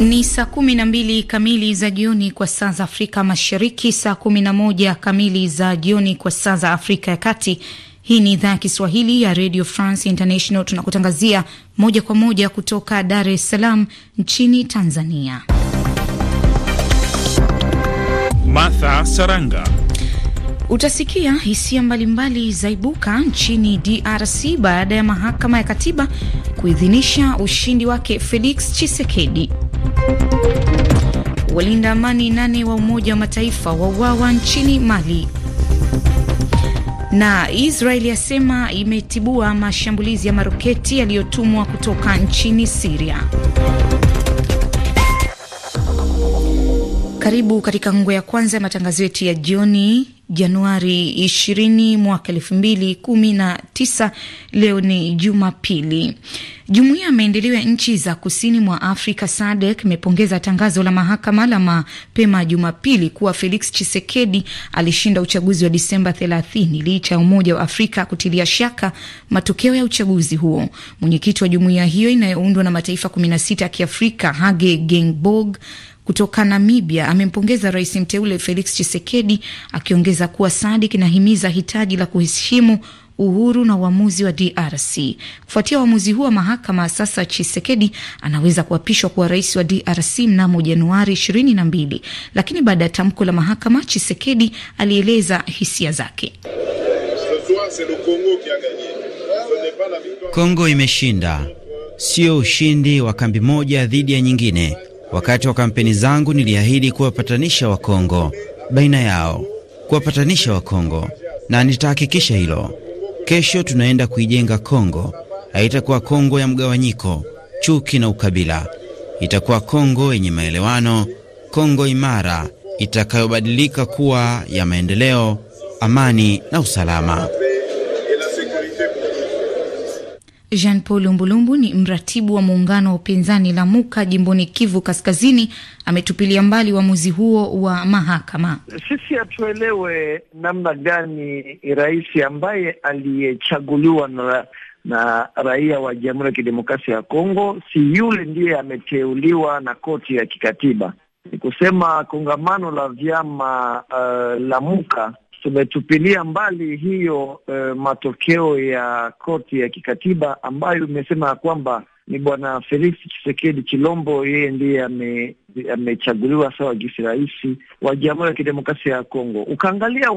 Ni saa kumi na mbili kamili za jioni kwa saa za Afrika Mashariki, saa kumi na moja kamili za jioni kwa saa za Afrika ya Kati. Hii ni idhaa ya Kiswahili ya Radio France International, tunakutangazia moja kwa moja kutoka Dar es Salaam nchini Tanzania. Martha Saranga. Utasikia hisia mbalimbali zaibuka nchini DRC baada ya mahakama ya katiba kuidhinisha ushindi wake Felix chisekedi Walinda amani nane wa Umoja wa Mataifa wauawa nchini Mali, na Israeli yasema imetibua mashambulizi ya maroketi yaliyotumwa kutoka nchini Siria. Karibu katika ngo ya kwanza ya matangazo yetu ya jioni Januari 20 mwaka 2019. Leo ni Jumapili. Jumuiya ya maendeleo ya nchi za kusini mwa Afrika SADC imepongeza tangazo la mahakama la mapema Jumapili kuwa Felix Tshisekedi alishinda uchaguzi wa Disemba 30 licha ya Umoja wa Afrika kutilia shaka matokeo ya uchaguzi huo. Mwenyekiti wa jumuiya hiyo inayoundwa na mataifa 16 ya Kiafrika Hage Geingob kutoka Namibia amempongeza rais mteule Felix Tshisekedi, akiongeza kuwa SADC inahimiza hitaji la kuheshimu uhuru na uamuzi wa DRC. Kufuatia uamuzi huo wa mahakama, sasa Chisekedi anaweza kuapishwa kuwa rais wa DRC mnamo Januari 22, lakini baada ya tamko la mahakama, Chisekedi alieleza hisia zake. Kongo imeshinda, sio ushindi wa kambi moja dhidi ya nyingine. Wakati wa kampeni zangu niliahidi kuwapatanisha Wakongo baina yao, kuwapatanisha Wakongo, na nitahakikisha hilo. Kesho tunaenda kuijenga Kongo. Haitakuwa Kongo ya mgawanyiko, chuki na ukabila. Itakuwa Kongo yenye maelewano, Kongo imara itakayobadilika kuwa ya maendeleo, amani na usalama. Jean Paul Lumbulumbu ni mratibu wa muungano wa upinzani la muka jimboni Kivu Kaskazini, ametupilia mbali uamuzi huo wa mahakama. Sisi hatuelewe namna gani rais ambaye aliyechaguliwa na na raia wa Jamhuri ya Kidemokrasia ya Kongo, si yule ndiye ameteuliwa na koti ya kikatiba. Ni kusema kongamano la vyama uh, muka tumetupilia mbali hiyo eh, matokeo ya koti ya kikatiba ambayo imesema ya kwamba ni bwana Felix Chisekedi Chilombo, yeye ndiye amechaguliwa sawa gisi rais wa Jamhuri ya Kidemokrasia ya Kongo. Ukaangalia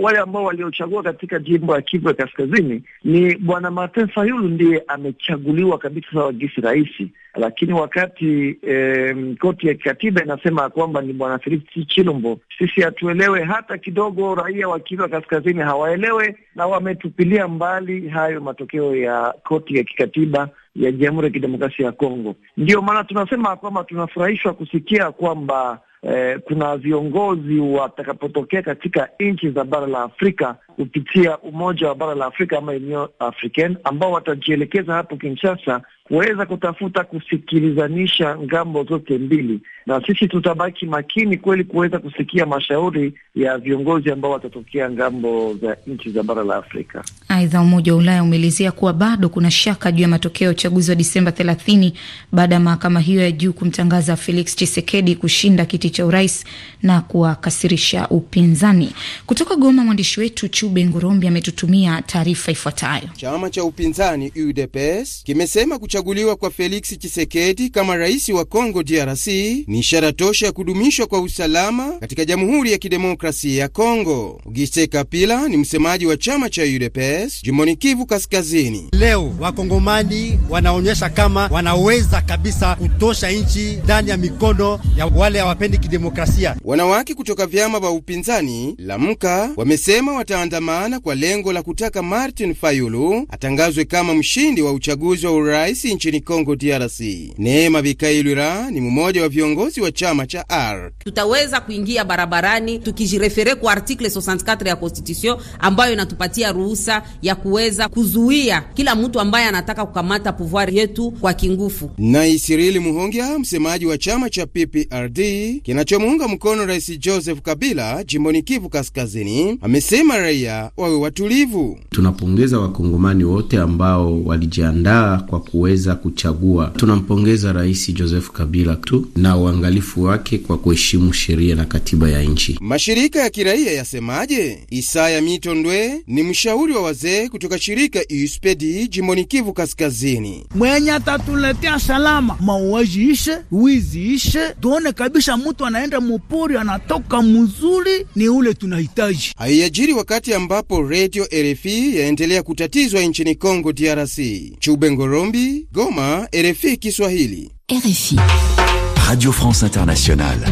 wale ambao waliochagua katika jimbo ya Kivu ya Kaskazini, ni bwana Martin Fayulu ndiye amechaguliwa kabisa sawa gisi rais, lakini wakati eh, koti ya kikatiba inasema kwamba ni bwana Felix Chilombo, sisi hatuelewe hata kidogo. Raia wa Kivu ya Kaskazini hawaelewe na wametupilia mbali hayo matokeo ya koti ya kikatiba ya Jamhuri ya Kidemokrasia ya Kongo. Ndiyo maana tunasema kwamba tunafurahishwa kusikia kwamba eh, kuna viongozi watakapotokea katika nchi za bara la Afrika kupitia Umoja wa Bara la Afrika ama Union african ambao watajielekeza hapo Kinshasa kuweza kutafuta kusikilizanisha ngambo zote mbili, na sisi tutabaki makini kweli kuweza kusikia mashauri ya viongozi ambao watatokea ngambo za nchi za bara la Afrika. Aidha, Umoja wa Ulaya umeelezea kuwa bado kuna shaka juu ya matokeo ya uchaguzi wa Disemba thelathini baada ya mahakama hiyo ya juu kumtangaza Felix chisekedi kushinda kiti cha urais na kuwakasirisha upinzani. Kutoka Goma, mwandishi wetu Chube Ngurombi ametutumia taarifa ifuatayo. Chama cha upinzani UDPS kimesema kuchaguliwa kwa Feliksi Chisekedi kama rais wa Kongo DRC ni ishara tosha ya kudumishwa kwa usalama katika Jamhuri ya Kidemokrasia ya Congo. Ugiste Kapila ni msemaji wa chama cha UDPS jimboni Kivu Kaskazini. Leo wakongomani wanaonyesha kama wanaweza kabisa kutosha nchi ndani ya mikono ya wale hawapendi kidemokrasia. Wanawake kutoka vyama vya upinzani Lamka wamesema wataanda waliandamana kwa lengo la kutaka Martin Fayulu atangazwe kama mshindi wa uchaguzi wa urais nchini Kongo DRC. Neema vikailwira ni mmoja wa viongozi wa chama cha R. Tutaweza kuingia barabarani tukijirefere kwa artikle 64 ya constitution ambayo inatupatia ruhusa ya kuweza kuzuia kila mtu ambaye anataka kukamata pouvoir yetu kwa kingufu. Na sirili Muhongia, msemaji wa chama cha PPRD kinachomuunga mkono Rais Joseph Kabila jimboni Kivu Kaskazini, amesema raia raia wawe watulivu. Tunapongeza wakongomani wote ambao walijiandaa kwa kuweza kuchagua. Tunampongeza Rais Joseph Kabila tu na uangalifu wake kwa kuheshimu sheria na katiba ya nchi. Mashirika ya kiraia yasemaje? Isaya Mitondwe ni mshauri wa wazee kutoka shirika USPEDI jimboni Kivu Kaskazini. mwenye atatuletea salama, mauaji ishe, wizi ishe, tuone kabisa mtu anaenda mupori anatoka mzuri, ni ule tunahitaji. Haiajiri wakati ambapo redio RFI yaendelea kutatizwa nchini congo DRC. Chube Ngorombi, Goma, RFI Kiswahili. RFI Radio France Internationale.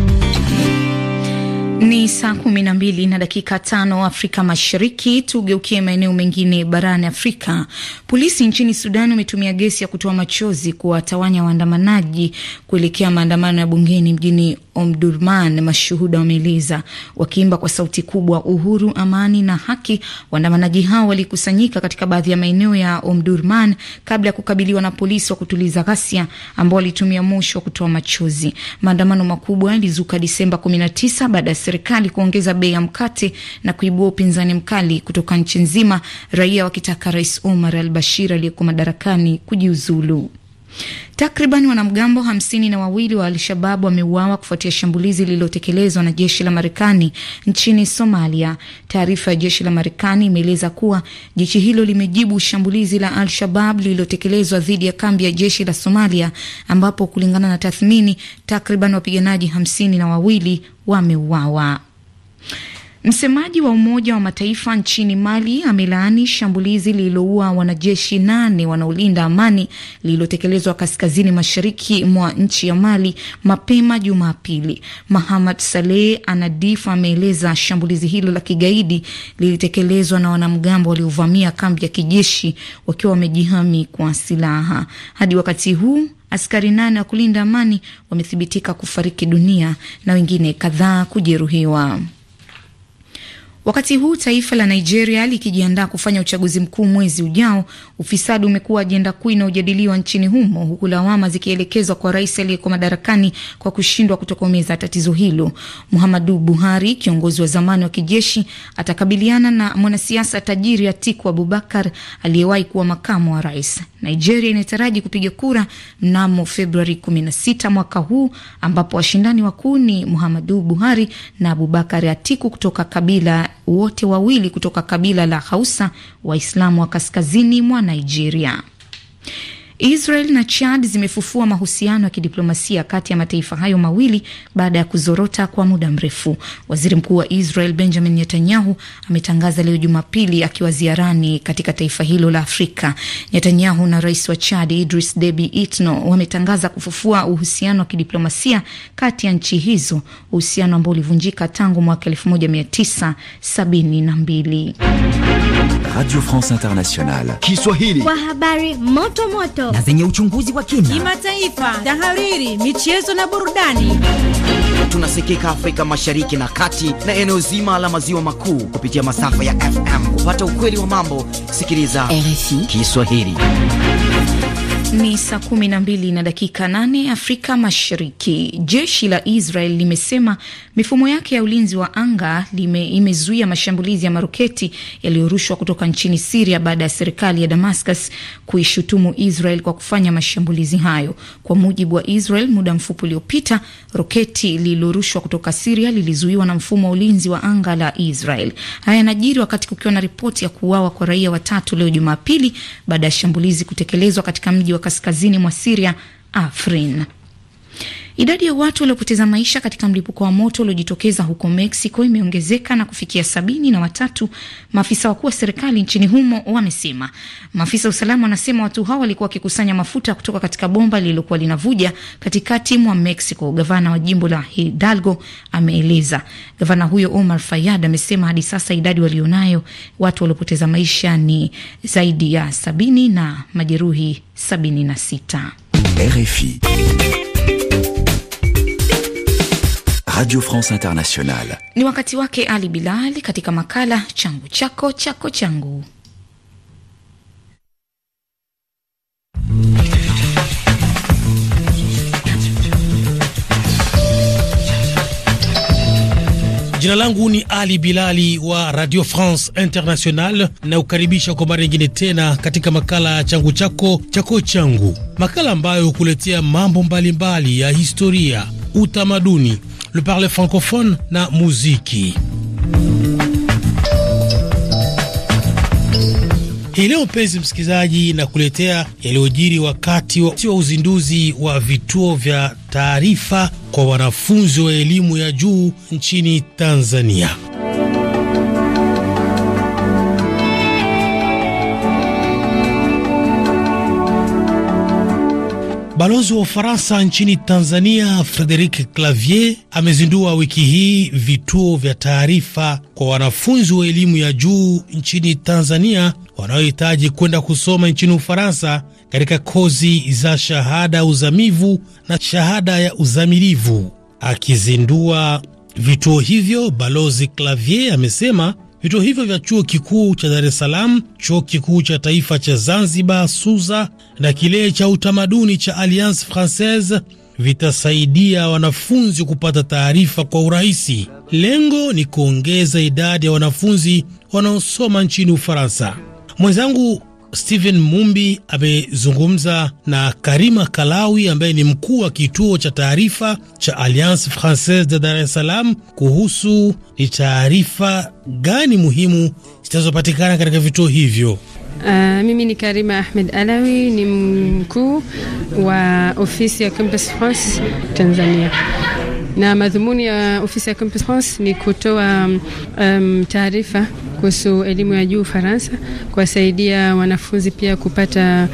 Ni saa kumi na mbili na dakika tano Afrika Mashariki. Tugeukie maeneo mengine barani Afrika. Polisi nchini Sudan wametumia gesi ya kutoa machozi kuwatawanya waandamanaji kuelekea maandamano ya bungeni mjini Omdurman mashuhuda wameeleza wakiimba kwa sauti kubwa uhuru, amani na haki. Waandamanaji hao walikusanyika katika baadhi ya maeneo ya Omdurman kabla ya kukabiliwa na polisi wa kutuliza ghasia ambao walitumia moshi wa kutoa machozi. Maandamano makubwa yalizuka Disemba 19 baada ya serikali kuongeza bei ya mkate na kuibua upinzani mkali kutoka nchi nzima, raia wakitaka Rais Omar al Bashir aliyeko madarakani kujiuzulu. Takriban wanamgambo hamsini na wawili wa Alshababu wameuawa kufuatia shambulizi lililotekelezwa na jeshi la Marekani nchini Somalia. Taarifa ya jeshi la Marekani imeeleza kuwa jeshi hilo limejibu shambulizi la Al-Shabab lililotekelezwa dhidi ya kambi ya jeshi la Somalia, ambapo kulingana na tathmini takriban wapiganaji hamsini na wawili wameuawa. Msemaji wa Umoja wa Mataifa nchini Mali amelaani shambulizi lililoua wanajeshi nane wanaolinda amani lililotekelezwa kaskazini mashariki mwa nchi ya Mali mapema Jumapili. Mahamad Saleh Anadif ameeleza shambulizi hilo la kigaidi lilitekelezwa na wanamgambo waliovamia kambi ya kijeshi wakiwa wamejihami kwa silaha. Hadi wakati huu askari nane wa kulinda amani wamethibitika kufariki dunia na wengine kadhaa kujeruhiwa. Wakati huu taifa la Nigeria likijiandaa kufanya uchaguzi mkuu mwezi ujao, ufisadi umekuwa ajenda kuu inayojadiliwa nchini humo, huku lawama zikielekezwa kwa rais aliyeko madarakani kwa kushindwa kutokomeza tatizo hilo. Muhammadu Buhari, kiongozi wa zamani wa kijeshi, atakabiliana na mwanasiasa tajiri Atiku Abubakar aliyewahi kuwa makamu wa rais. Nigeria inataraji kupiga kura mnamo Februari 16 mwaka huu, ambapo washindani wakuu ni Muhammadu Buhari na Abubakar Atiku kutoka kabila wote wawili kutoka kabila la Hausa, Waislamu wa kaskazini mwa Nigeria. Israel na Chad zimefufua mahusiano ya kidiplomasia kati ya mataifa hayo mawili baada ya kuzorota kwa muda mrefu. Waziri mkuu wa Israel Benjamin Netanyahu ametangaza leo Jumapili akiwa ziarani katika taifa hilo la Afrika. Netanyahu na rais wa Chad Idris Deby Itno wametangaza kufufua uhusiano wa kidiplomasia kati ya nchi hizo, uhusiano ambao ulivunjika tangu mwaka 1972. Radio France Internationale Kiswahili, kwa habari moto moto na zenye uchunguzi wa kina, kimataifa, tahariri, michezo na burudani. Tunasikika Afrika Mashariki na Kati na eneo zima la maziwa makuu kupitia masafa ya FM. Kupata ukweli wa mambo, sikiliza RFI Kiswahili. Ni saa kumi na mbili na dakika nane Afrika Mashariki. Jeshi la Israel limesema mifumo yake ya ulinzi wa anga lime, imezuia mashambulizi ya maroketi yaliyorushwa kutoka nchini Siria baada ya serikali ya Damascus kuishutumu Israel kwa kufanya mashambulizi hayo. Kwa mujibu wa Israel, muda mfupi uliopita, roketi lililorushwa kutoka Siria lilizuiwa na mfumo wa ulinzi wa anga la Israel. Haya yanajiri wakati kukiwa na ripoti ya kuuawa kwa raia watatu leo Jumapili baada ya shambulizi kutekelezwa katika mji wa kaskazini mwa Siria, Afrin. Idadi ya watu waliopoteza maisha katika mlipuko wa moto uliojitokeza huko Mexico imeongezeka na kufikia sabini na watatu, maafisa wakuu wa serikali nchini humo wamesema. Maafisa wa usalama wanasema watu hao walikuwa wakikusanya mafuta kutoka katika bomba lililokuwa linavuja katikati mwa Mexico. Gavana wa jimbo la Hidalgo ameeleza. Gavana huyo Omar Fayad amesema hadi sasa idadi walionayo watu waliopoteza maisha ni zaidi ya sabini na majeruhi sabini na sita. RFI Radio France Internationale. Ni wakati wake Ali Bilali katika makala changu chako chako changu. Jina langu ni Ali Bilali wa Radio France International na kukaribisha kwa mara nyingine tena katika makala ya changu chako chako changu, makala ambayo hukuletea mambo mbalimbali mbali ya historia, utamaduni le parler francophone na muziki. Hii leo mpenzi msikilizaji, na kuletea yaliyojiri wakati wa uzinduzi wa vituo vya taarifa kwa wanafunzi wa elimu ya juu nchini Tanzania. Balozi wa Ufaransa nchini Tanzania Frederic Clavier amezindua wiki hii vituo vya taarifa kwa wanafunzi wa elimu ya juu nchini Tanzania wanaohitaji kwenda kusoma nchini Ufaransa katika kozi za shahada ya uzamivu na shahada ya uzamilivu. Akizindua vituo hivyo, Balozi Clavier amesema Vituo hivyo vya chuo kikuu cha Dar es Salaam, chuo kikuu cha taifa cha Zanzibar SUZA na kile cha utamaduni cha Alliance Francaise vitasaidia wanafunzi kupata taarifa kwa urahisi. Lengo ni kuongeza idadi ya wanafunzi wanaosoma nchini Ufaransa. Mwenzangu Stephen Mumbi amezungumza na Karima Kalawi ambaye ni mkuu wa kituo cha taarifa cha Alliance Francaise de Dar es Salaam kuhusu ni taarifa gani muhimu zitazopatikana katika vituo hivyo. Uh, mimi ni Karima Ahmed Alawi ni mkuu wa ofisi ya Campus France Tanzania na madhumuni ya ofisi ya Campus France ni kutoa um, taarifa kuhusu elimu ya juu Ufaransa, kuwasaidia wanafunzi pia kupata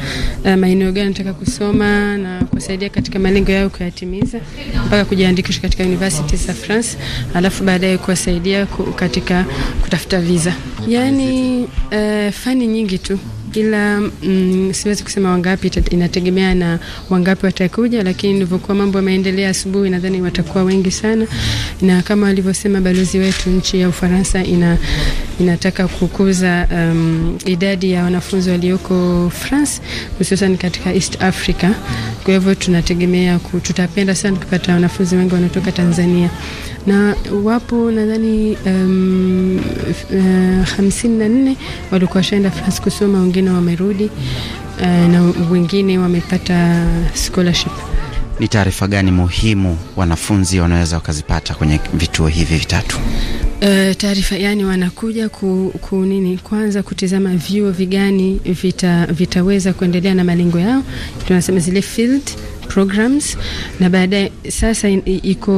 uh, maeneo gani wanataka kusoma na kuwasaidia katika malengo yao kuyatimiza mpaka kujiandikisha katika universities za France, alafu baadaye kuwasaidia katika kutafuta visa. yani uh, fani nyingi tu ila mm, siwezi kusema wangapi, inategemea na wangapi watakuja, lakini ndivyokuwa mambo yameendelea asubuhi, nadhani watakuwa wengi sana, na kama alivyosema balozi wetu, nchi ya Ufaransa ina inataka kukuza um, idadi ya wanafunzi walioko France hususan katika East Africa. Kwa hivyo tunategemea, tutapenda sana kupata wanafunzi wengi wanaotoka Tanzania na wapo nadhani um, uh, hamsini na nne walikuwa washaenda France kusoma, wengine wamerudi uh, na wengine wamepata scholarship. Ni taarifa gani muhimu wanafunzi wanaweza wakazipata kwenye vituo hivi vitatu? Uh, taarifa yani wanakuja ku, ku nini kwanza kutizama vyuo vigani vita, vitaweza kuendelea na malengo yao, tunasema zile field programs na baadaye sasa in, iko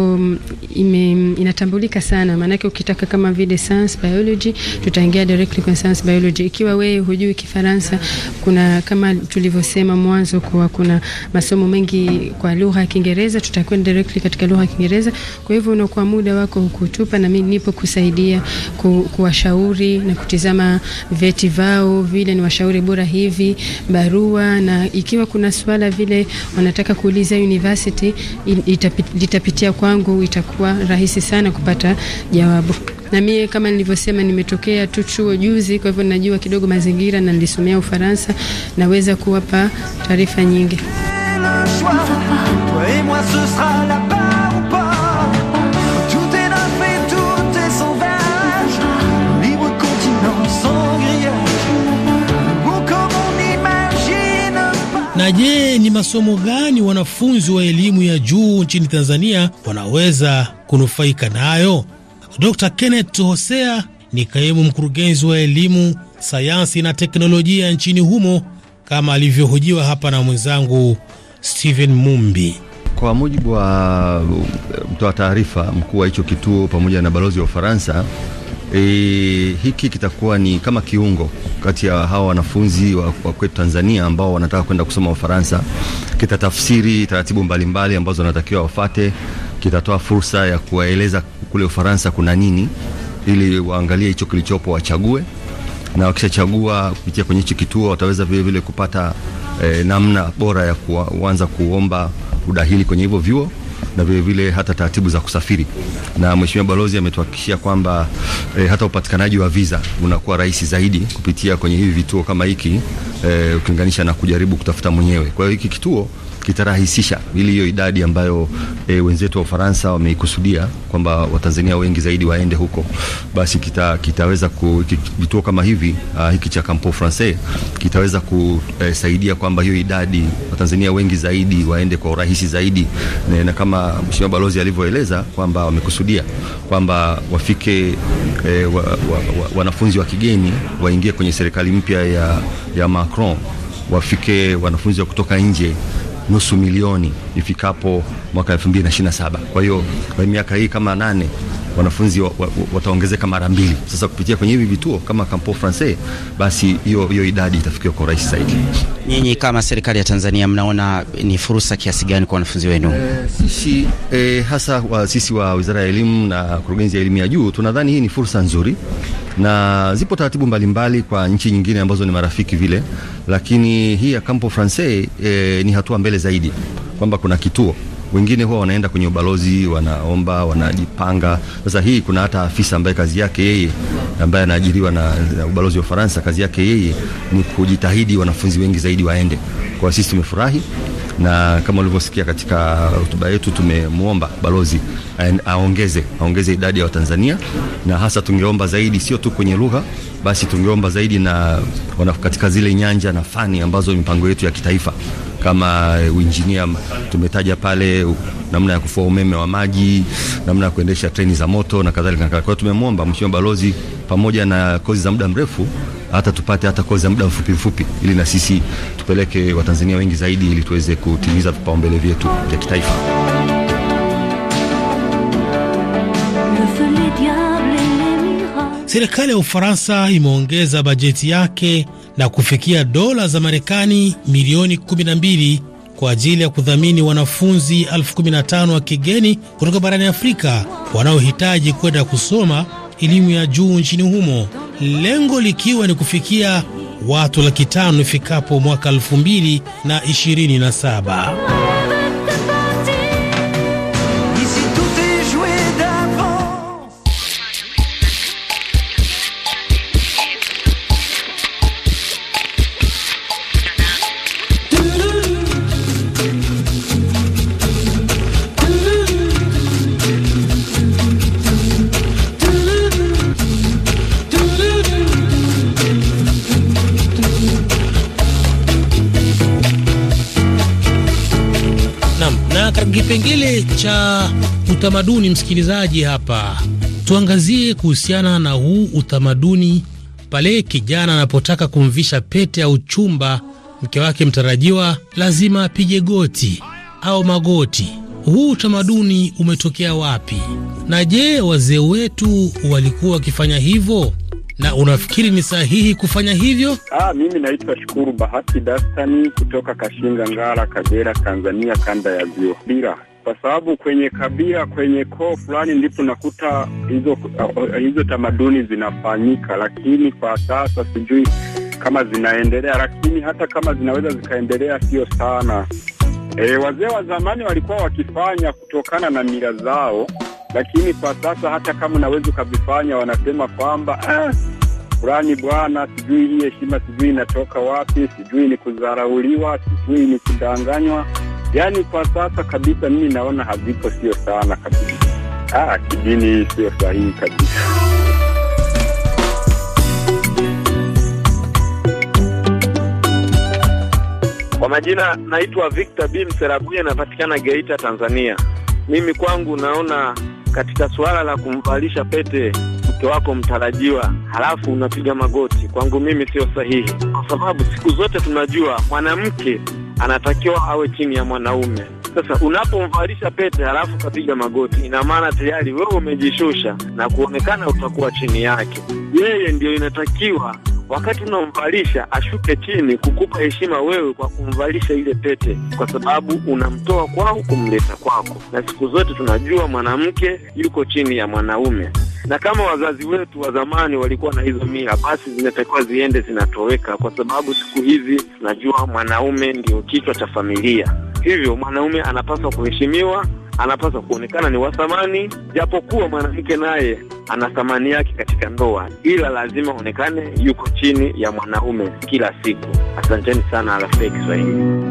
ime, inatambulika sana, maanake ukitaka kama vile science biology tutaingia directly kwa science biology. Ikiwa wewe hujui Kifaransa, kuna kama tulivyosema mwanzo kwa kuna masomo mengi kwa lugha ya Kiingereza, tutakwenda directly katika lugha ya Kiingereza. Kwa hivyo unakuwa muda wako hukutupa, na mimi nipo kusaidia ku, kuwashauri na kutizama veti vao vile ni washauri bora hivi barua, na ikiwa kuna swala vile wanataka ku kuuliza university litapitia kwangu, itakuwa rahisi sana kupata jawabu. Na mie kama nilivyosema, nimetokea tu chuo juzi, kwa hivyo najua kidogo mazingira na nilisomea Ufaransa, naweza kuwapa taarifa nyingi Na je, ni masomo gani wanafunzi wa elimu ya juu nchini Tanzania wanaweza kunufaika nayo? Dr. Kenneth Hosea ni kaimu mkurugenzi wa elimu, sayansi na teknolojia nchini humo kama alivyohojiwa hapa na mwenzangu Steven Mumbi. Kwa mujibu wa mtoa taarifa mkuu wa hicho kituo pamoja na balozi wa Ufaransa E, hiki kitakuwa ni kama kiungo kati ya hawa wanafunzi wa, wa kwetu Tanzania ambao wanataka kwenda kusoma Ufaransa. Kitatafsiri taratibu mbalimbali ambazo wanatakiwa wafate, kitatoa fursa ya kuwaeleza kule Ufaransa kuna nini, ili waangalie hicho kilichopo wachague, na wakishachagua kupitia kwenye hichi kituo wataweza vile vile kupata eh, namna bora ya kuanza kuomba udahili kwenye hivyo vyuo na vilevile vile hata taratibu za kusafiri, na mheshimiwa balozi ametuhakikishia kwamba e, hata upatikanaji wa visa unakuwa rahisi zaidi kupitia kwenye hivi vituo kama hiki e, ukilinganisha na kujaribu kutafuta mwenyewe. Kwa hiyo hiki kituo kitarahisisha ili hiyo idadi ambayo e, wenzetu wa Ufaransa wameikusudia kwamba Watanzania wengi zaidi waende huko, basi kita, kitaweza ku, vituo kama hivi uh, hiki cha Campo Francais kitaweza kusaidia e, kwamba hiyo idadi Watanzania wengi zaidi waende kwa urahisi zaidi, na, na kama Mheshimiwa Balozi alivyoeleza kwamba wamekusudia kwamba wafike e, wa, wa, wa, wanafunzi wa kigeni waingie kwenye serikali mpya ya, ya Macron wafike wanafunzi wa kutoka nje nusu milioni ifikapo mwaka 2027. Kwa hiyo kwa miaka hii kama nane wanafunzi wa, wa, wa, wataongezeka mara mbili. Sasa kupitia kwenye hivi vituo kama Campo Francais, basi hiyo hiyo idadi itafikiwa kwa urahisi zaidi. Nyinyi kama serikali ya Tanzania mnaona ni fursa kiasi gani kwa wanafunzi wenu? E, sisi e, hasa wa, sisi wa Wizara ya Elimu na Kurugenzi ya Elimu ya Juu tunadhani hii ni fursa nzuri na zipo taratibu mbalimbali kwa nchi nyingine ambazo ni marafiki vile, lakini hii ya Campo Francais e, ni hatua mbele zaidi kwamba kuna kituo wengine huwa wanaenda kwenye ubalozi, wanaomba, wanajipanga. Sasa hii kuna hata afisa ambaye kazi yake yeye ambaye anaajiriwa na, na ubalozi wa Ufaransa, kazi yake yeye ni kujitahidi wanafunzi wengi zaidi waende. Kwa sisi tumefurahi na kama ulivyosikia katika hotuba yetu, tumemwomba balozi aongeze aongeze idadi ya Watanzania, na hasa tungeomba zaidi, sio tu kwenye lugha basi, tungeomba zaidi na katika zile nyanja na fani ambazo mipango yetu ya kitaifa kama eh, uinjinia tumetaja pale, namna ya kufua umeme wa maji, namna ya kuendesha treni za moto na kadhalika. Kwa hiyo tumemwomba mheshimiwa balozi, pamoja na kozi za muda mrefu, hata tupate hata kozi za muda mfupi mfupi, ili na sisi tupeleke Watanzania wengi zaidi, ili tuweze kutimiza vipaumbele vyetu vya kitaifa. Serikali ya Ufaransa imeongeza bajeti yake na kufikia dola za Marekani milioni 12 kwa ajili ya kudhamini wanafunzi 15 wa kigeni kutoka barani Afrika wanaohitaji kwenda kusoma elimu ya juu nchini humo, lengo likiwa ni kufikia watu laki tano ifikapo mwaka 2027. cha utamaduni, msikilizaji, hapa tuangazie kuhusiana na huu utamaduni pale kijana anapotaka kumvisha pete au chumba mke wake mtarajiwa lazima apige goti au magoti. Huu utamaduni umetokea wapi? Na je, wazee wetu walikuwa wakifanya hivyo? na unafikiri ni sahihi kufanya hivyo? Aa, ah, mimi naitwa Shukuru Bahati Dastani kutoka Kashinga Ngara, Kagera, Tanzania, kanda ya Ziwa. Bila kwa sababu kwenye kabila, kwenye koo fulani ndipo nakuta hizo uh, hizo tamaduni zinafanyika, lakini kwa sasa sijui kama zinaendelea, lakini hata kama zinaweza zikaendelea, sio sana. E, wazee wa zamani walikuwa wakifanya kutokana na mila zao, lakini kwa sasa hata kama unaweza ukavifanya, wanasema kwamba ah, fulani bwana, sijui hii heshima, sijui inatoka wapi, sijui ni kudharauliwa, sijui ni kudanganywa yani kwa sasa kabisa mimi naona havipo, sio sana kabisa. Ah, kidini sio sahihi kabisa. Kwa majina naitwa Victor B Mserabuye, napatikana Geita, Tanzania. Mimi kwangu naona katika suala la kumvalisha pete mke wako mtarajiwa, halafu unapiga magoti, kwangu mimi sio sahihi, kwa sababu siku zote tunajua mwanamke anatakiwa awe chini ya mwanaume. Sasa unapomvalisha pete halafu ukapiga magoti, ina maana tayari wewe umejishusha na kuonekana utakuwa chini yake. Yeye ndiyo inatakiwa wakati unamvalisha ashuke chini kukupa heshima wewe kwa kumvalisha ile pete, kwa sababu unamtoa kwao kumleta kwako. Na siku zote tunajua mwanamke yuko chini ya mwanaume, na kama wazazi wetu wa zamani walikuwa na hizo mila, basi zinatakiwa ziende zinatoweka, kwa sababu siku hizi tunajua mwanaume ndio kichwa cha familia. Hivyo mwanaume anapaswa kuheshimiwa anapaswa kuonekana ni wa thamani, japokuwa mwanamke naye ana thamani yake katika ndoa, ila lazima aonekane yuko chini ya mwanaume kila siku. Asanteni sana rafiki Kiswahili.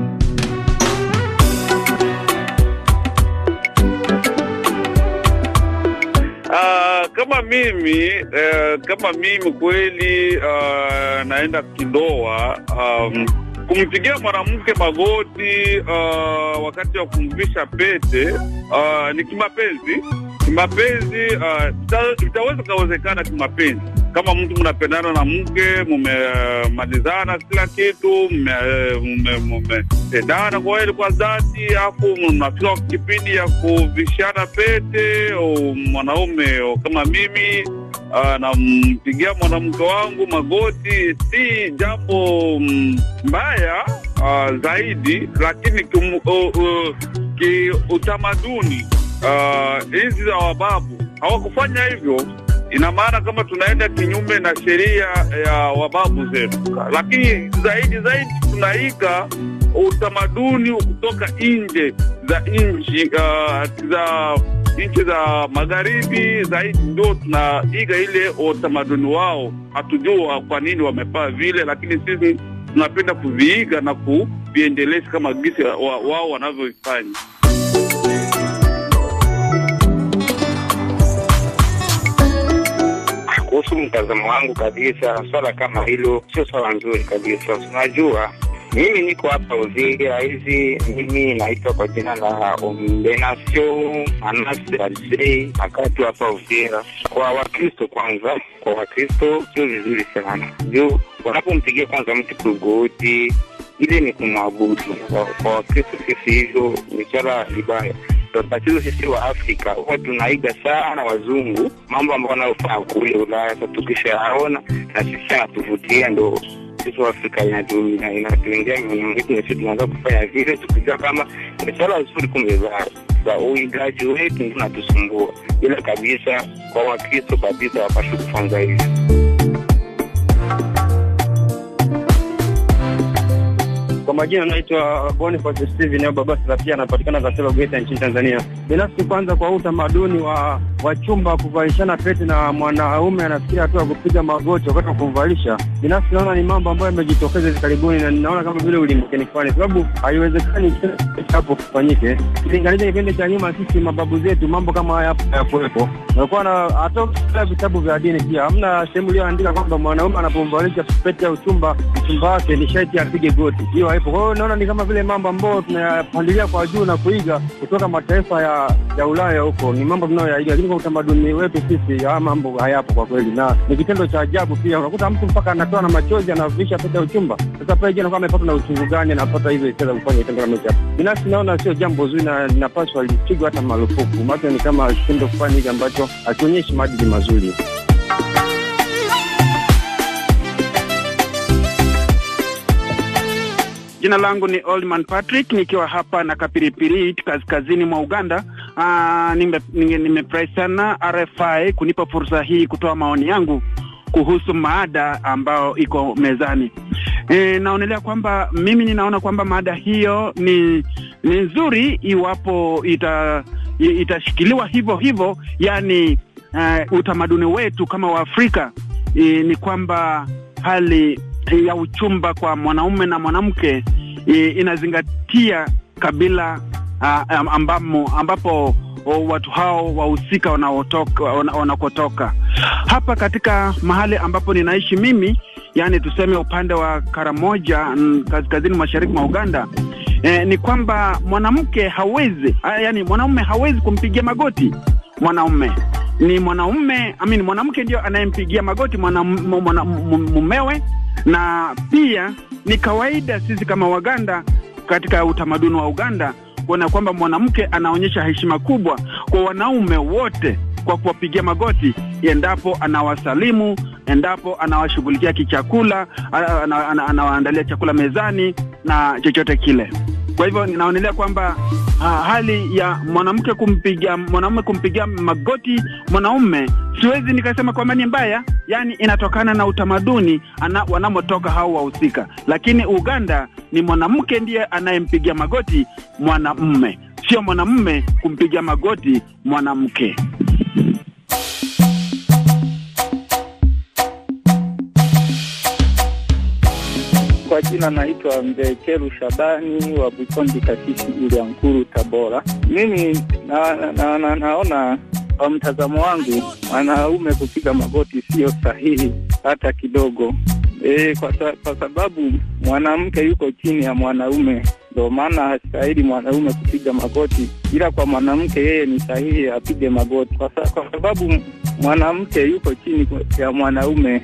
Uh, kama mimi uh, kama mimi kweli uh, naenda kindoa um, kumpigia mwanamke magoti uh, wakati wa kumvisha pete uh, ni kimapenzi Kimapenzi uh, vitaweza kawezekana kimapenzi, kama mtu mnapendana na mke mumemalizana kila kitu mumependana kwa kweli kwa dhati, afu mnafika kipindi ya kuvishana pete. Mwanaume kama mimi anampigia uh, mwanamke wangu magoti, si jambo mm, mbaya uh, zaidi, lakini kiutamaduni uh, uh, ki Ah, hizi uh, za wababu hawakufanya hivyo, ina maana kama tunaenda kinyume na sheria ya wababu zetu, lakini zaidi zaidi tunaiga utamaduni kutoka nje za nchi uh, za nchi za magharibi zaidi, ndio tunaiga ile utamaduni wao. Hatujua kwa nini wamepaa vile, lakini sisi tunapenda kuviiga na kuviendeleza kama gisi wao wa, wa, wanavyovifanya. Kuhusu mtazamo wangu kabisa, swala kama hilo sio swala nzuri kabisa. Unajua, mimi niko hapa uvira hizi, mimi naitwa kwa jina la Ombenasio Anase Alzei, wakati hapa Uzira kwa Wakristo. Kwanza kwa Wakristo sio vizuri sana, juu wanapompigia kwanza mtu kugoti ile ni kumwabudu. Kwa Wakristo sisi hivyo ni swala libaya. Tatizo sisi wa Afrika huwa tunaiga sana wazungu, mambo ambayo wanayofanya kule Ulaya. Sasa tukishayaona na sisi anatuvutia, ndo sisi wa Afrika inatuingia mwenyewe, tunaanza kufanya vile tukijua kama ni swala zuri, kumbe za uigaji wetu ndio unatusumbua, ila kabisa kwa Wakristo kabisa wapashe kufanza hivyo. Kwa majina anaitwa Boniface Steven au Baba Serapia, anapatikana Kasero Geita nchini Tanzania. Binafsi kwanza, kwa utamaduni wa wachumba kuvalishana pete na mwanaume anafikia hatua kupiga magoti wakati wa kumvalisha, binafsi naona ni mambo ambayo yamejitokeza hivi karibuni, na ninaona kama vile ulimkeni kufanya, sababu haiwezekani hapo kufanyike. Kilinganisha kipindi cha nyuma, sisi mababu zetu mambo kama haya hapo hayakuwepo, walikuwa na hata vitabu vya dini pia hamna sehemu iliyoandika kwamba mwanaume anapomvalisha pete ya uchumba mchumba wake ni sharti apige goti hiyo haipo. Kwa hiyo naona ni kama vile mambo ambayo tunayapandilia kwa juu na kuiga kutoka mataifa ya, ya Ulaya huko, ni mambo tunayoyaiga, lakini kwa utamaduni wetu sisi haya mambo hayapo kwa kweli, na ni kitendo cha ajabu pia. Unakuta mtu mpaka anatoa na machozi anavisha pete ya uchumba. Sasa pale je, anakuwa amepatwa na uchungu gani anapata hizo hisia za kufanya kitendo kama hicho? Binafsi naona sio jambo zuri na linapaswa lipigwa hata marufuku, maana ni kama kitendo kufanya hiki ambacho hakionyeshi maadili mazuri. Jina langu ni Oldman Patrick nikiwa hapa na Kapiripiri kaskazini mwa Uganda. Ah, nimefurahi sana RFI kunipa fursa hii kutoa maoni yangu kuhusu maada ambayo iko mezani. E, naonelea kwamba mimi ninaona kwamba maada hiyo ni ni nzuri iwapo ita, itashikiliwa hivyo hivyo, yani uh, utamaduni wetu kama Waafrika e, ni kwamba hali ya uchumba kwa mwanaume na mwanamke inazingatia kabila ambamo, ambapo watu hao wahusika wanakotoka. Hapa katika mahali ambapo ninaishi mimi, yani tuseme upande wa Karamoja kaskazini mashariki mwa Uganda, eh, ni kwamba mwanamke hawezi, yani mwanaume hawezi kumpigia magoti mwanaume ni mwanaume amini, mwanamke ndio anayempigia magoti mumewe, na pia ni kawaida sisi kama Waganda katika utamaduni wa Uganda kuona kwamba mwanamke anaonyesha heshima kubwa kwa wanaume wote kwa kuwapigia magoti endapo anawasalimu, endapo anawashughulikia kichakula, anawaandalia chakula mezani na chochote kile. Kwa hivyo ninaonelea kwamba uh, hali ya mwanamke kumpiga mwanaume kumpigia magoti mwanaume, siwezi nikasema kwamba ni mbaya, yani inatokana na utamaduni wanamotoka hao wahusika. Lakini Uganda ni mwanamke ndiye anayempigia magoti mwanamume, sio mwanamume kumpigia magoti mwanamke. Kwa jina naitwa cheru Shabani wa Bukondi Kasisi nkuru Tabora. Mimi na, na, na, na, naona kwa mtazamo wangu wanaume kupiga magoti sio sahihi hata kidogo. E, kwa, kwa sababu mwanamke yuko chini ya mwanaume, ndo maana hastahili mwanaume kupiga magoti, ila kwa mwanamke yeye ni sahihi apige magoti, kwa, kwa sababu mwanamke yuko chini ya mwanaume.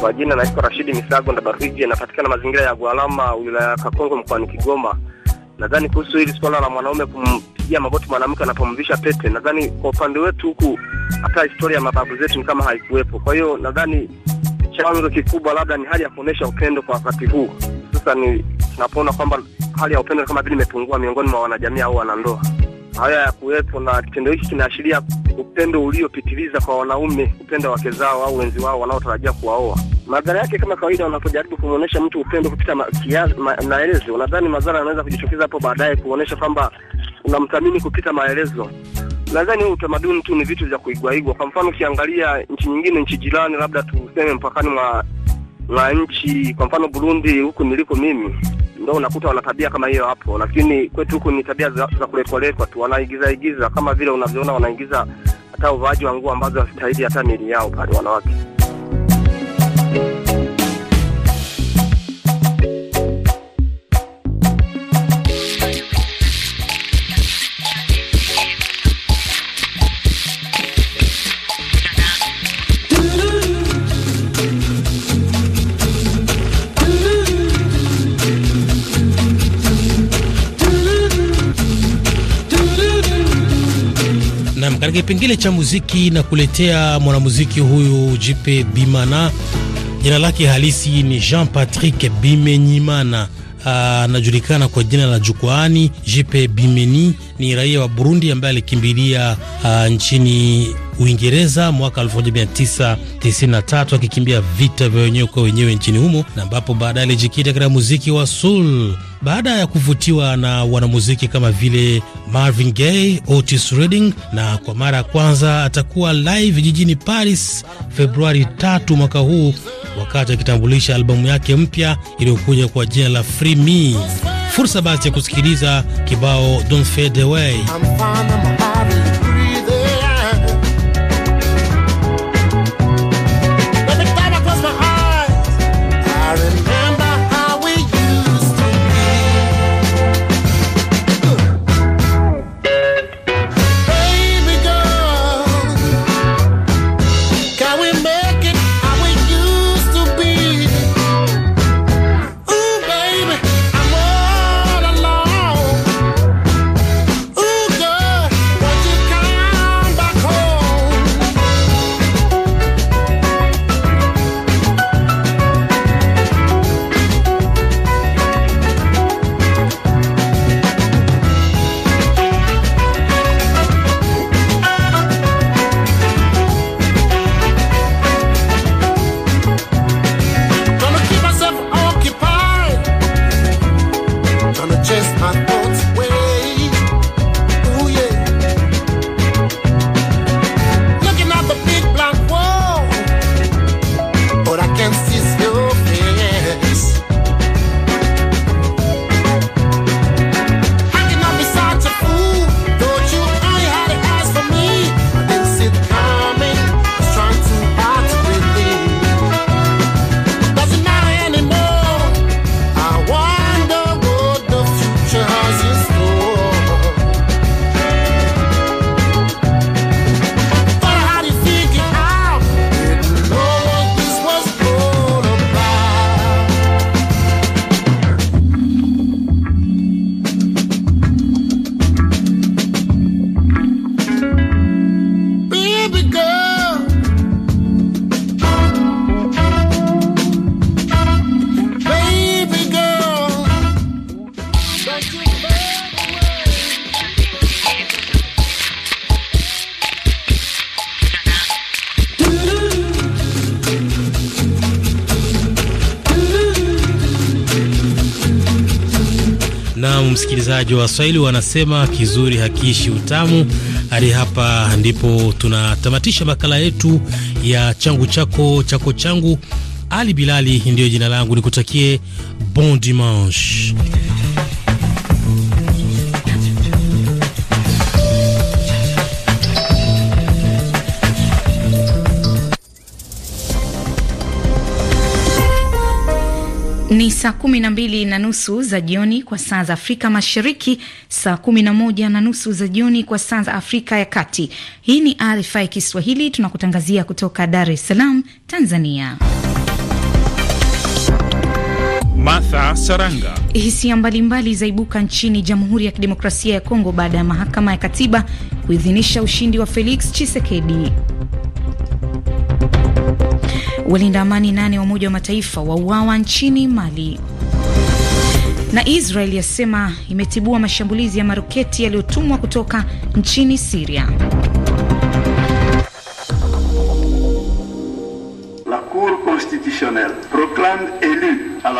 Kwa jina naitwa Rashidi Misago Ndabarwije, napatikana mazingira ya Gwalama, wilaya ya Kakongo, mkoani Kigoma. Nadhani kuhusu hili swala la mwanaume kumpigia magoti mwanamke anapomvisha pete, nadhani kwa upande wetu huku hata historia ya mababu zetu ni kama haikuwepo. Kwa hiyo nadhani chanzo kikubwa labda ni hali ya kuonesha upendo kwa wakati huu. Sasa ni tunapoona kwamba hali ya upendo kama vile imepungua miongoni mwa wanajamii au wanandoa haya ya kuwepo, na kitendo hiki kinaashiria upendo uliopitiliza kwa wanaume kupenda wake zao au wenzi wao wanaotarajia kuwaoa. Madhara yake kama kawaida, unapojaribu kumwonyesha mtu upendo kupita ma, maelezo, nadhani madhara yanaweza kujitokeza hapo baadaye, kuonyesha kwamba unamthamini kupita maelezo. Nadhani huu utamaduni tu ni vitu vya kuigwaigwa. Kwa mfano, ukiangalia nchi nyingine, nchi jirani, labda tuseme mpakani mwa nchi, kwa mfano Burundi, huku niliko mimi ndio unakuta wana tabia kama hiyo hapo, lakini kwetu huku ni tabia za, za kuletwaletwa tu, wanaigiza igiza kama vile unavyoona, wanaingiza hata uvaaji wa nguo ambazo hazistahili hata miili yao pale wanawake. Katika kipengele cha muziki na kuletea mwanamuziki huyu Jipe Bimana, jina lake halisi ni Jean Patrick Bimenyimana. Ah, anajulikana kwa jina la jukwaani Jipe Bimeni. Ni raia wa Burundi ambaye alikimbilia ah, nchini Uingereza mwaka 1993 akikimbia vita vya wenyewe kwa wenyewe nchini humo, na ambapo baadaye alijikita katika muziki wa soul baada ya kuvutiwa na wanamuziki kama vile Marvin Gaye, Otis Redding, na kwa mara ya kwanza atakuwa live jijini Paris Februari 3 mwaka huu, wakati akitambulisha albamu yake mpya iliyokuja kwa jina la Free Me. Fursa basi ya kusikiliza kibao Don't Fade Away. msikilizaji, Waswahili wanasema kizuri hakiishi utamu. Hadi hapa ndipo tunatamatisha makala yetu ya changu chako chako changu. Ali Bilali ndiyo jina langu, nikutakie bon dimanche. Ni saa kumi na mbili na nusu za jioni kwa saa za Afrika Mashariki, saa kumi na moja na nusu za jioni kwa saa za Afrika ya Kati. Hii ni RFI Kiswahili, tunakutangazia kutoka Dar es Salaam, Tanzania. Martha Saranga. Hisia mbalimbali zaibuka nchini Jamhuri ya Kidemokrasia ya Kongo baada ya mahakama ya katiba kuidhinisha ushindi wa Felix chisekedi Walinda amani nane wa Umoja wa Mataifa wauawa nchini Mali. Na Israel yasema imetibua mashambulizi ya maroketi yaliyotumwa kutoka nchini Siria. La Cour constitutionnelle proclame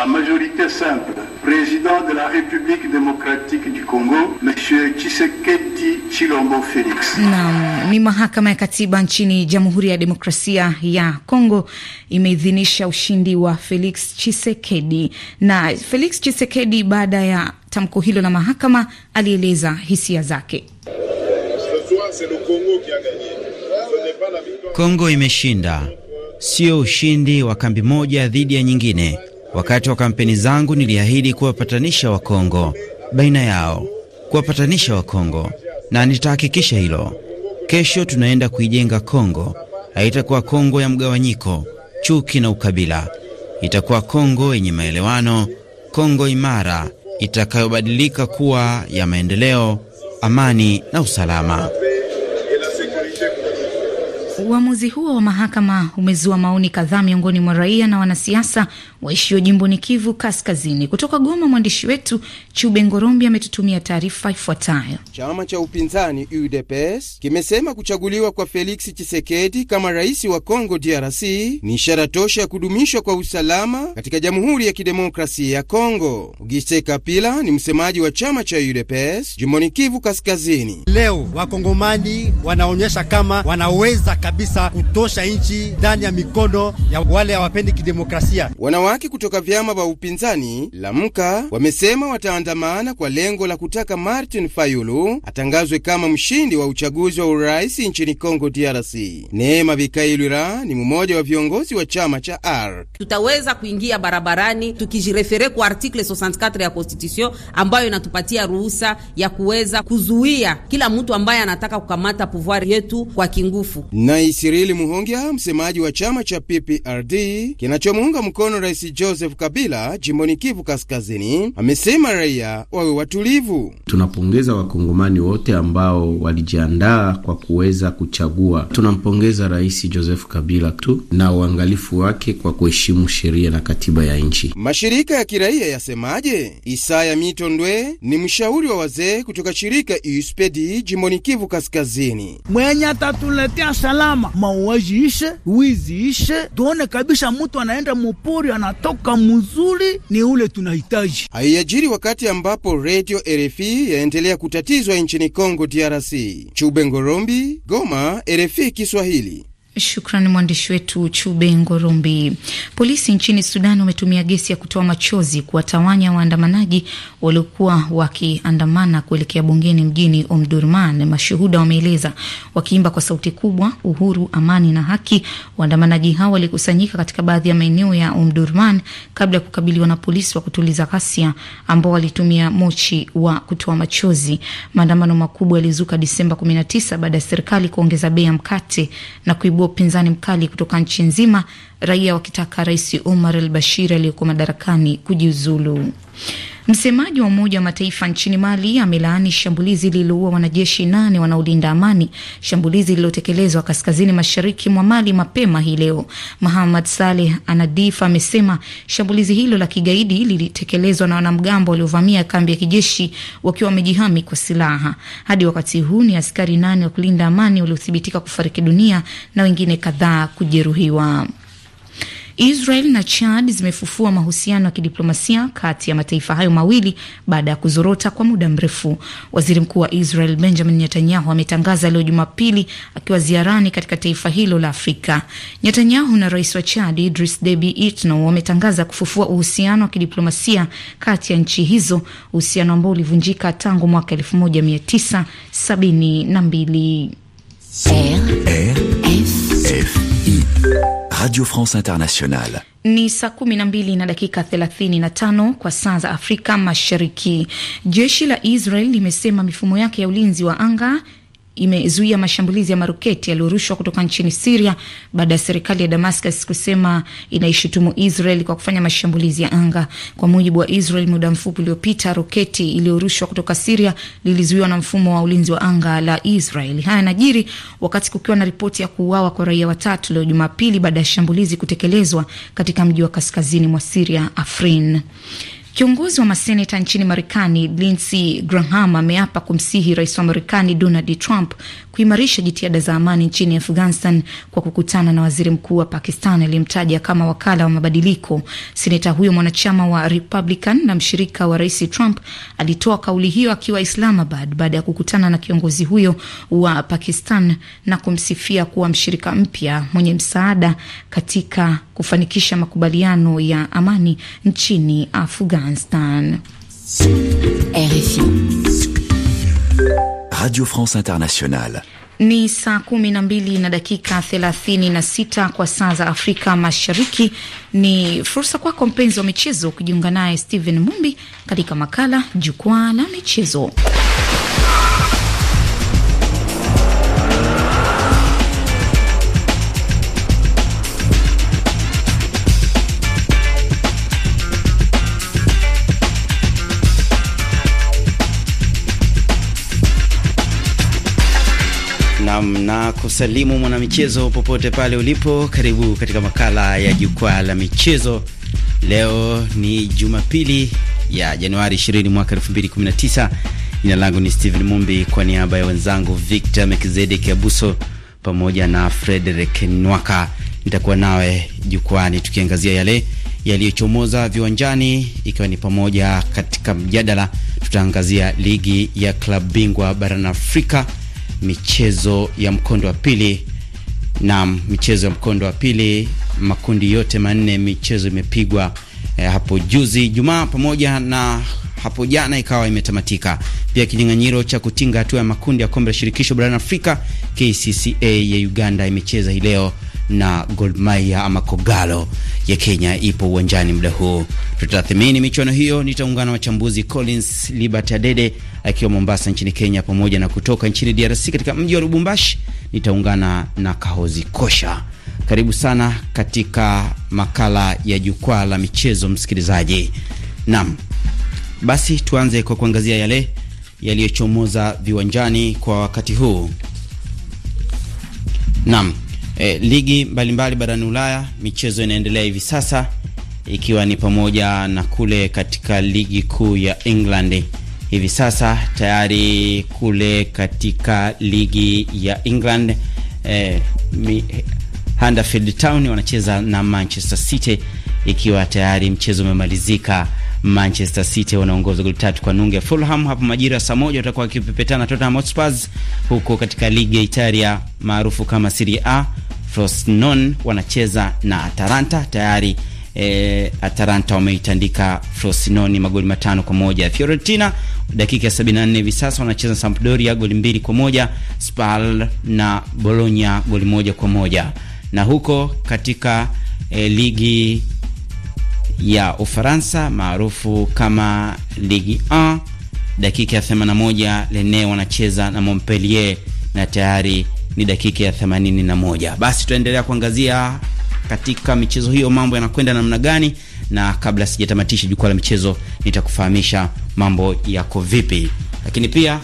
la majorité simple, président de la République démocratique du Congo, M. Tshisekedi Chilombo Félix. Naam, ni mahakama ya katiba nchini Jamhuri ya Demokrasia ya Kongo imeidhinisha ushindi wa Felix Tshisekedi. Na Felix Tshisekedi baada ya tamko hilo la mahakama alieleza hisia zake. Kongo imeshinda, sio ushindi wa kambi moja dhidi ya nyingine. Wakati wa kampeni zangu niliahidi kuwapatanisha Wakongo baina yao, kuwapatanisha Wakongo na nitahakikisha hilo. Kesho tunaenda kuijenga Kongo. Haitakuwa Kongo ya mgawanyiko, chuki na ukabila. Itakuwa Kongo yenye maelewano, Kongo imara itakayobadilika kuwa ya maendeleo, amani na usalama. Uamuzi huo wa mahakama umezua maoni kadhaa miongoni mwa raia na wanasiasa waishio jimboni Kivu Kaskazini. Kutoka Goma, mwandishi wetu Chube Ngorombi ametutumia taarifa ifuatayo. Chama cha upinzani UDPS kimesema kuchaguliwa kwa Feliksi Chisekedi kama rais wa Kongo DRC ni ishara tosha ya kudumishwa kwa usalama katika Jamhuri ya Kidemokrasia ya Kongo. Auguste Kapila ni msemaji wa chama cha UDPS jimboni Kivu Kaskazini. Leo wakongomani wanaonyesha kama wanaweza kabisa kutosha nchi ndani ya mikono ya wale hawapendi kidemokrasia. Wanawake kutoka vyama vya upinzani Lamka wamesema wataandamana kwa lengo la kutaka Martin Fayulu atangazwe kama mshindi wa uchaguzi wa urais nchini congo DRC. Neema vikailwira ni mmoja wa viongozi wa chama cha ARC. Tutaweza kuingia barabarani tukijirefere kwa artikle 64 ya constitution ambayo inatupatia ruhusa ya kuweza kuzuia kila mtu ambaye anataka kukamata pouvoir yetu kwa kingufu Naye Sirili Muhongia, ah, msemaji wa chama cha PPRD kinachomuunga mkono Rais Joseph Kabila jimboni Kivu Kaskazini, amesema raia wawe watulivu. Tunapongeza wakongomani wote ambao walijiandaa kwa kuweza kuchagua. Tunampongeza Rais Joseph Kabila tu na uangalifu wake kwa kuheshimu sheria na katiba ya nchi. Mashirika ya kiraia yasemaje? Isaya Mitondwe ni mshauri wa wazee kutoka shirika e USPEDI jimboni Kivu Kaskazini. Mwenye atatuletea salama usalama, mauaji ishe, wizi ishe, tuone kabisa mtu anaenda mupori anatoka mzuri, ni ule tunahitaji. Haiyajiri wakati ambapo redio RFI yaendelea kutatizwa nchini congo DRC. Chube Ngorombi, Goma, RFI Kiswahili. Shukran mwandishi wetu Chube Ngorombi. Polisi nchini Sudan wametumia gesi ya kutoa machozi kuwatawanya waandamanaji waliokuwa wakiandamana kuelekea bungeni mjini Omdurman. Mashuhuda wameeleza wakiimba kwa sauti kubwa, uhuru, amani na haki. Waandamanaji hao walikusanyika katika baadhi ya maeneo ya Omdurman kabla ya kukabiliwa na polisi wa kutuliza ghasia ambao walitumia mochi wa kutoa machozi. Maandamano makubwa yalizuka Disemba 19 baada ya serikali kuongeza bei ya mkate na kuibu wa upinzani mkali kutoka nchi nzima, raia wakitaka Rais Omar al Bashir aliyokuwa madarakani kujiuzulu. Msemaji wa Umoja wa Mataifa nchini Mali amelaani shambulizi lililoua wanajeshi nane wanaolinda amani, shambulizi lililotekelezwa kaskazini mashariki mwa Mali mapema hii leo. Mahamad Saleh Anadif amesema shambulizi hilo la kigaidi lilitekelezwa na wanamgambo waliovamia kambi ya kijeshi wakiwa wamejihami kwa silaha. Hadi wakati huu ni askari nane wa kulinda amani waliothibitika kufariki dunia na wengine kadhaa kujeruhiwa. Israel na Chad zimefufua mahusiano ya kidiplomasia kati ya mataifa hayo mawili baada ya kuzorota kwa muda mrefu. Waziri mkuu wa Israel Benjamin Netanyahu ametangaza leo Jumapili akiwa ziarani katika taifa hilo la Afrika. Netanyahu na rais wa Chad Idris Deby Itno wametangaza kufufua uhusiano wa kidiplomasia kati ya nchi hizo, uhusiano ambao ulivunjika tangu mwaka 1972. Radio France Internationale. Ni saa kumi na mbili na dakika thelathini na tano kwa saa za Afrika Mashariki. Jeshi la Israel limesema mifumo yake ya ulinzi wa anga imezuia mashambulizi ya maroketi yaliyorushwa kutoka nchini Siria baada ya serikali ya Damascus kusema inaishutumu Israel kwa kufanya mashambulizi ya anga. Kwa mujibu wa Israel, muda mfupi uliopita, roketi iliyorushwa kutoka Siria lilizuiwa na mfumo wa ulinzi wa anga la Israel. Haya najiri wakati kukiwa na ripoti ya kuuawa kwa raia watatu leo Jumapili baada ya shambulizi kutekelezwa katika mji wa kaskazini mwa Siria, Afrin. Kiongozi wa maseneta nchini Marekani Lindsey Graham ameapa kumsihi rais wa Marekani Donald Trump kuimarisha jitihada za amani nchini Afghanistan kwa kukutana na waziri mkuu wa Pakistan aliyemtaja kama wakala wa mabadiliko. Seneta huyo mwanachama wa Republican na mshirika wa rais Trump alitoa kauli hiyo akiwa Islamabad baada ya kukutana na kiongozi huyo wa Pakistan na kumsifia kuwa mshirika mpya mwenye msaada katika kufanikisha makubaliano ya amani nchini Afghanistan. RFI Radio France Internationale. Ni saa kumi na mbili na dakika thelathini na sita kwa saa za Afrika Mashariki. Ni fursa kwako mpenzi wa michezo kujiunga naye Steven Mumbi katika makala Jukwaa la Michezo. na kusalimu mwanamichezo popote pale ulipo, karibu katika makala ya jukwaa la michezo. Leo ni Jumapili ya Januari 20 mwaka 2019. Jina langu ni Steven Mumbi, kwa niaba ya wenzangu Victor Melkizedek Abuso pamoja na Frederick Nwaka, nitakuwa nawe jukwani tukiangazia yale yaliyochomoza viwanjani, ikiwa ni pamoja katika mjadala, tutaangazia ligi ya klabu bingwa barani Afrika michezo ya mkondo wa pili. na michezo ya mkondo wa pili, makundi yote manne michezo imepigwa eh, hapo juzi Jumaa pamoja na hapo jana ikawa imetamatika. Pia kinyang'anyiro cha kutinga hatua ya makundi ya kombe la shirikisho barani Afrika, KCCA ya Uganda imecheza hii leo na Gor Mahia ama Kogalo ya Kenya ipo uwanjani muda huu. Tutathmini michuano hiyo, nitaungana na wachambuzi Collins Liberty Adede akiwa Mombasa nchini Kenya, pamoja na kutoka nchini DRC katika mji wa Lubumbashi nitaungana na Kahozi Kosha. Karibu sana katika makala ya jukwaa la michezo, msikilizaji. Naam, basi tuanze kwa kuangazia yale yaliyochomoza viwanjani kwa wakati huu. Naam, E, ligi mbalimbali barani Ulaya michezo inaendelea hivi sasa ikiwa ni pamoja na kule katika ligi kuu ya England hivi sasa tayari kule katika ligi ya England e, mi, Huddersfield Town wanacheza na Manchester City ikiwa tayari mchezo umemalizika Manchester City wanaongoza goli tatu kwa nunge Fulham. Hapo majira saa moja watakuwa wakipepetana Tottenham Hotspur, huko katika ligi ya Italia maarufu kama Serie A Frosinone wanacheza na Atalanta tayari. E, Atalanta wameitandika Frosinone magoli matano kwa moja. Fiorentina dakika ya 74 hivi sasa wanacheza Sampdoria goli mbili kwa moja. Spal na Bologna goli moja kwa moja. Na huko katika e, ligi ya Ufaransa maarufu kama Ligue 1. Dakika ya 81 Lene wanacheza na Montpellier na tayari ni dakika ya 81. Basi tutaendelea kuangazia katika michezo hiyo mambo yanakwenda namna gani, na kabla sijatamatisha jukwaa la michezo nitakufahamisha mambo yako vipi, lakini pia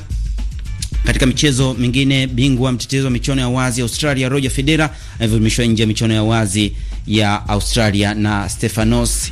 katika michezo mingine, bingwa mtetezi wa michuano ya wazi Australia Roger Federer amevurumishwa nje ya michuano ya wazi ya Australia na Stefanos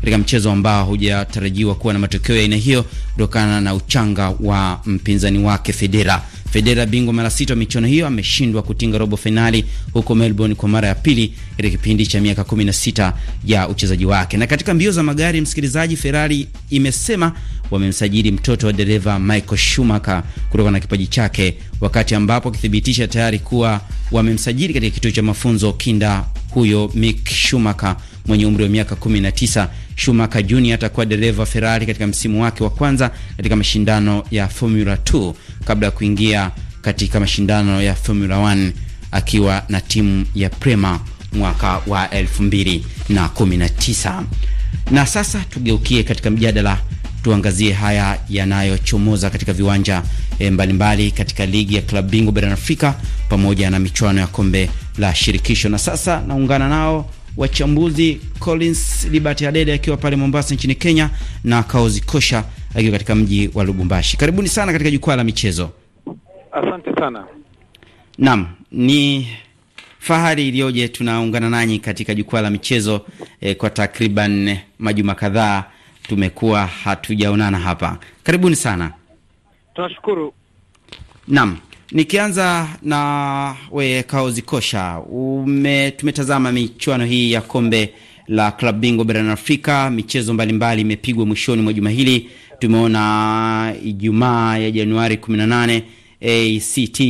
katika mchezo ambao hujatarajiwa kuwa na matokeo ya aina hiyo kutokana na uchanga wa mpinzani wake Federa. Federa, bingwa mara sita wa michuano hiyo, ameshindwa kutinga robo fainali huko Melbourne kwa mara ya pili katika kipindi cha miaka 16 ya uchezaji wake. Na katika mbio za magari, msikilizaji, Ferrari imesema wamemsajili mtoto wa dereva Michael Schumacher kutokana na kipaji chake, wakati ambapo akithibitisha tayari kuwa wamemsajili katika kituo cha mafunzo kinda huyo Mick Schumacher mwenye umri wa miaka 19 Schumacher Jr atakuwa dereva Ferrari katika msimu wake wa kwanza katika mashindano ya Formula 2 kabla ya kuingia katika mashindano ya Formula 1 akiwa na timu ya Prema mwaka wa 2019. Na sasa tugeukie katika mjadala, tuangazie haya yanayochomoza katika viwanja e, mbalimbali mbali katika ligi ya klabu bingwa barani Afrika pamoja na michuano ya kombe la shirikisho. Na sasa naungana nao wachambuzi Collins Liberty Adede akiwa pale Mombasa nchini Kenya na Kaozi Kosha akiwa katika mji wa Lubumbashi. Karibuni sana katika jukwaa la michezo. Asante sana. Naam, ni fahari iliyoje tunaungana nanyi katika jukwaa la michezo eh, kwa takriban majuma kadhaa tumekuwa hatujaonana hapa. Karibuni sana. Tunashukuru. Naam. Nikianza na we Kaozi Kosha, ume tumetazama michuano hii ya kombe la klabu bingwa barani Afrika. Michezo mbalimbali imepigwa mbali mwishoni mwa juma hili. Tumeona Ijumaa ya Januari 18 ACT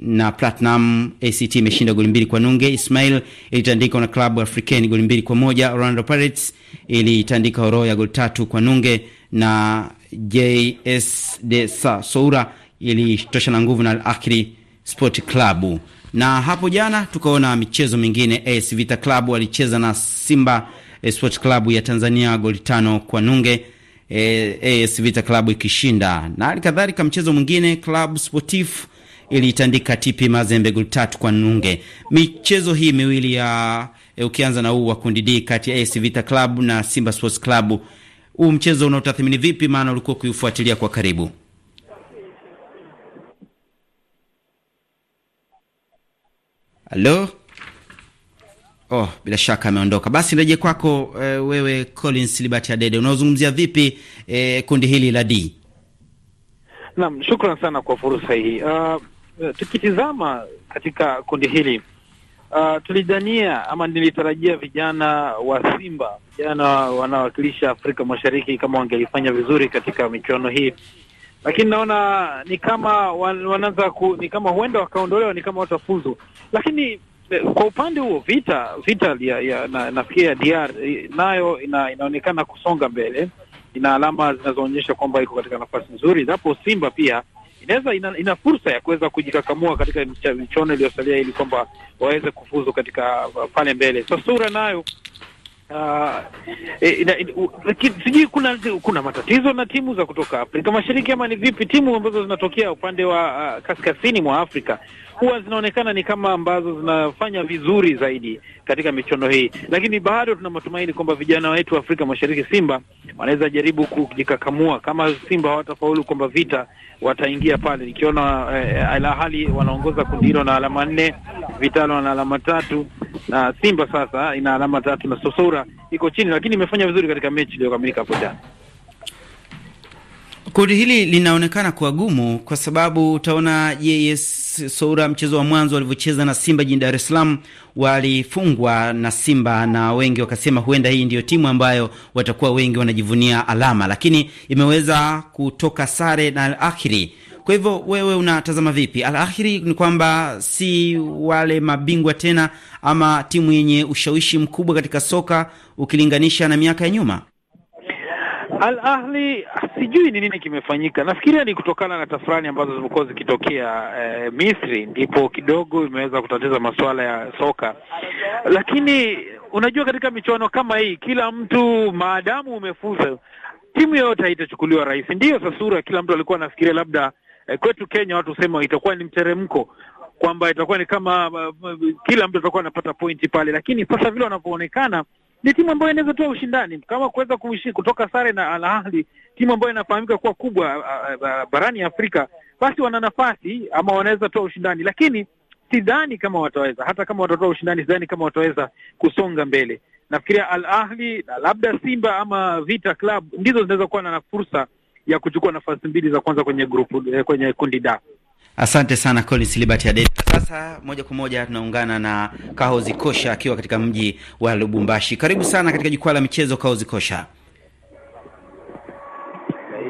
na Platinum. ACT imeshinda goli mbili kwa nunge. Ismail ilitandikwa na klabu African goli mbili kwa moja. Orlando Pirates ilitandika Horoya goli tatu kwa nunge, na JS de Sasoura na nguvu na Akri Sport Club, na hapo jana tukaona michezo mingine. AS Vita Club walicheza na Simba Sport Club ya Tanzania goli tano kwa nunge, AS Vita Club ikishinda, na alikadhalika mchezo mwingine Club Sportif iliitandika TP Mazembe goli tatu kwa nunge. Michezo hii miwili ya e, ukianza na huu wa kundi D kati ya AS Vita Club na Simba Sports Club, huu mchezo unaotathmini vipi? Maana ulikuwa ukiufuatilia kwa karibu. Halo? Oh, bila shaka ameondoka. Basi nirejee kwako eh, wewe Collins Liberty Adede, unaozungumzia vipi eh, kundi hili la D? Naam, shukran sana kwa fursa hii. Uh, tukitizama katika kundi hili uh, tulidhania ama nilitarajia vijana wa Simba, vijana wanaowakilisha Afrika Mashariki, kama wangelifanya vizuri katika michuano hii lakini naona ni kama wanaanza ku, ni kama huenda wakaondolewa, ni kama watafuzu. Lakini eh, kwa upande huo vita vita ya, ya, na, nafikiri ya DR eh, nayo ina, inaonekana kusonga mbele, ina alama zinazoonyesha kwamba iko katika nafasi nzuri, japo Simba pia inaweza ina, ina fursa ya kuweza kujikakamua katika michuano iliyosalia ili kwamba waweze kufuzu katika uh, pale mbele. So sura nayo Uh, e, sijui kuna kuna matatizo na timu za kutoka Afrika Mashariki ama ni vipi? Timu ambazo zinatokea upande wa uh, kaskazini mwa Afrika huwa zinaonekana ni kama ambazo zinafanya vizuri zaidi katika michuano hii, lakini bado tuna matumaini kwamba vijana wetu wa Afrika Mashariki Simba wanaweza jaribu kujikakamua. Kama Simba hawatafaulu kwamba vita wataingia pale, nikiona eh, Al Ahly wanaongoza kundi hilo na alama nne, Vitalo na alama tatu na Simba sasa ina alama tatu na Sosora iko chini, lakini imefanya vizuri katika mechi iliyokamilika hapo jana. Kundi hili linaonekana kuwa gumu kwa sababu utaona JS Soura, mchezo wa mwanzo walivyocheza na Simba jijini Dar es Salaam, walifungwa na Simba na wengi wakasema huenda hii ndiyo timu ambayo watakuwa wengi wanajivunia alama, lakini imeweza kutoka sare na Al Ahly kwa hivyo wewe unatazama vipi? Al Ahly ni kwamba si wale mabingwa tena ama timu yenye ushawishi mkubwa katika soka ukilinganisha na miaka ya nyuma? Al Ahli sijui ni nini kimefanyika. Nafikiria ni kutokana na tafrani ambazo zimekuwa zikitokea eh, Misri, ndipo kidogo imeweza kutatiza masuala ya soka, lakini unajua, katika michuano kama hii kila mtu maadamu umefuza, timu yoyote haitachukuliwa rahisi. Ndiyo sasura kila mtu alikuwa anafikiria labda eh, kwetu Kenya watu husema itakuwa ni mteremko, kwamba itakuwa ni kama uh, kila mtu atakuwa anapata pointi pale, lakini sasa vile wanavyoonekana ni timu ambayo inaweza toa ushindani kama kuweza kutoka sare na Al Ahly, timu ambayo inafahamika kuwa kubwa uh, uh, uh, barani Afrika, basi wana nafasi ama wanaweza toa ushindani, lakini sidhani kama wataweza. Hata kama watatoa ushindani, sidhani kama wataweza kusonga mbele. Nafikiria Al Ahly na labda Simba ama Vita Club ndizo zinaweza kuwa na fursa ya kuchukua nafasi mbili za kwanza kwenye grupu, eh, kwenye kundi da. Asante sana Collins Liberty Adede. Sasa moja kwa moja tunaungana na Kahozi Kosha akiwa katika mji wa Lubumbashi. Karibu sana katika jukwaa la michezo Kahozi Kosha.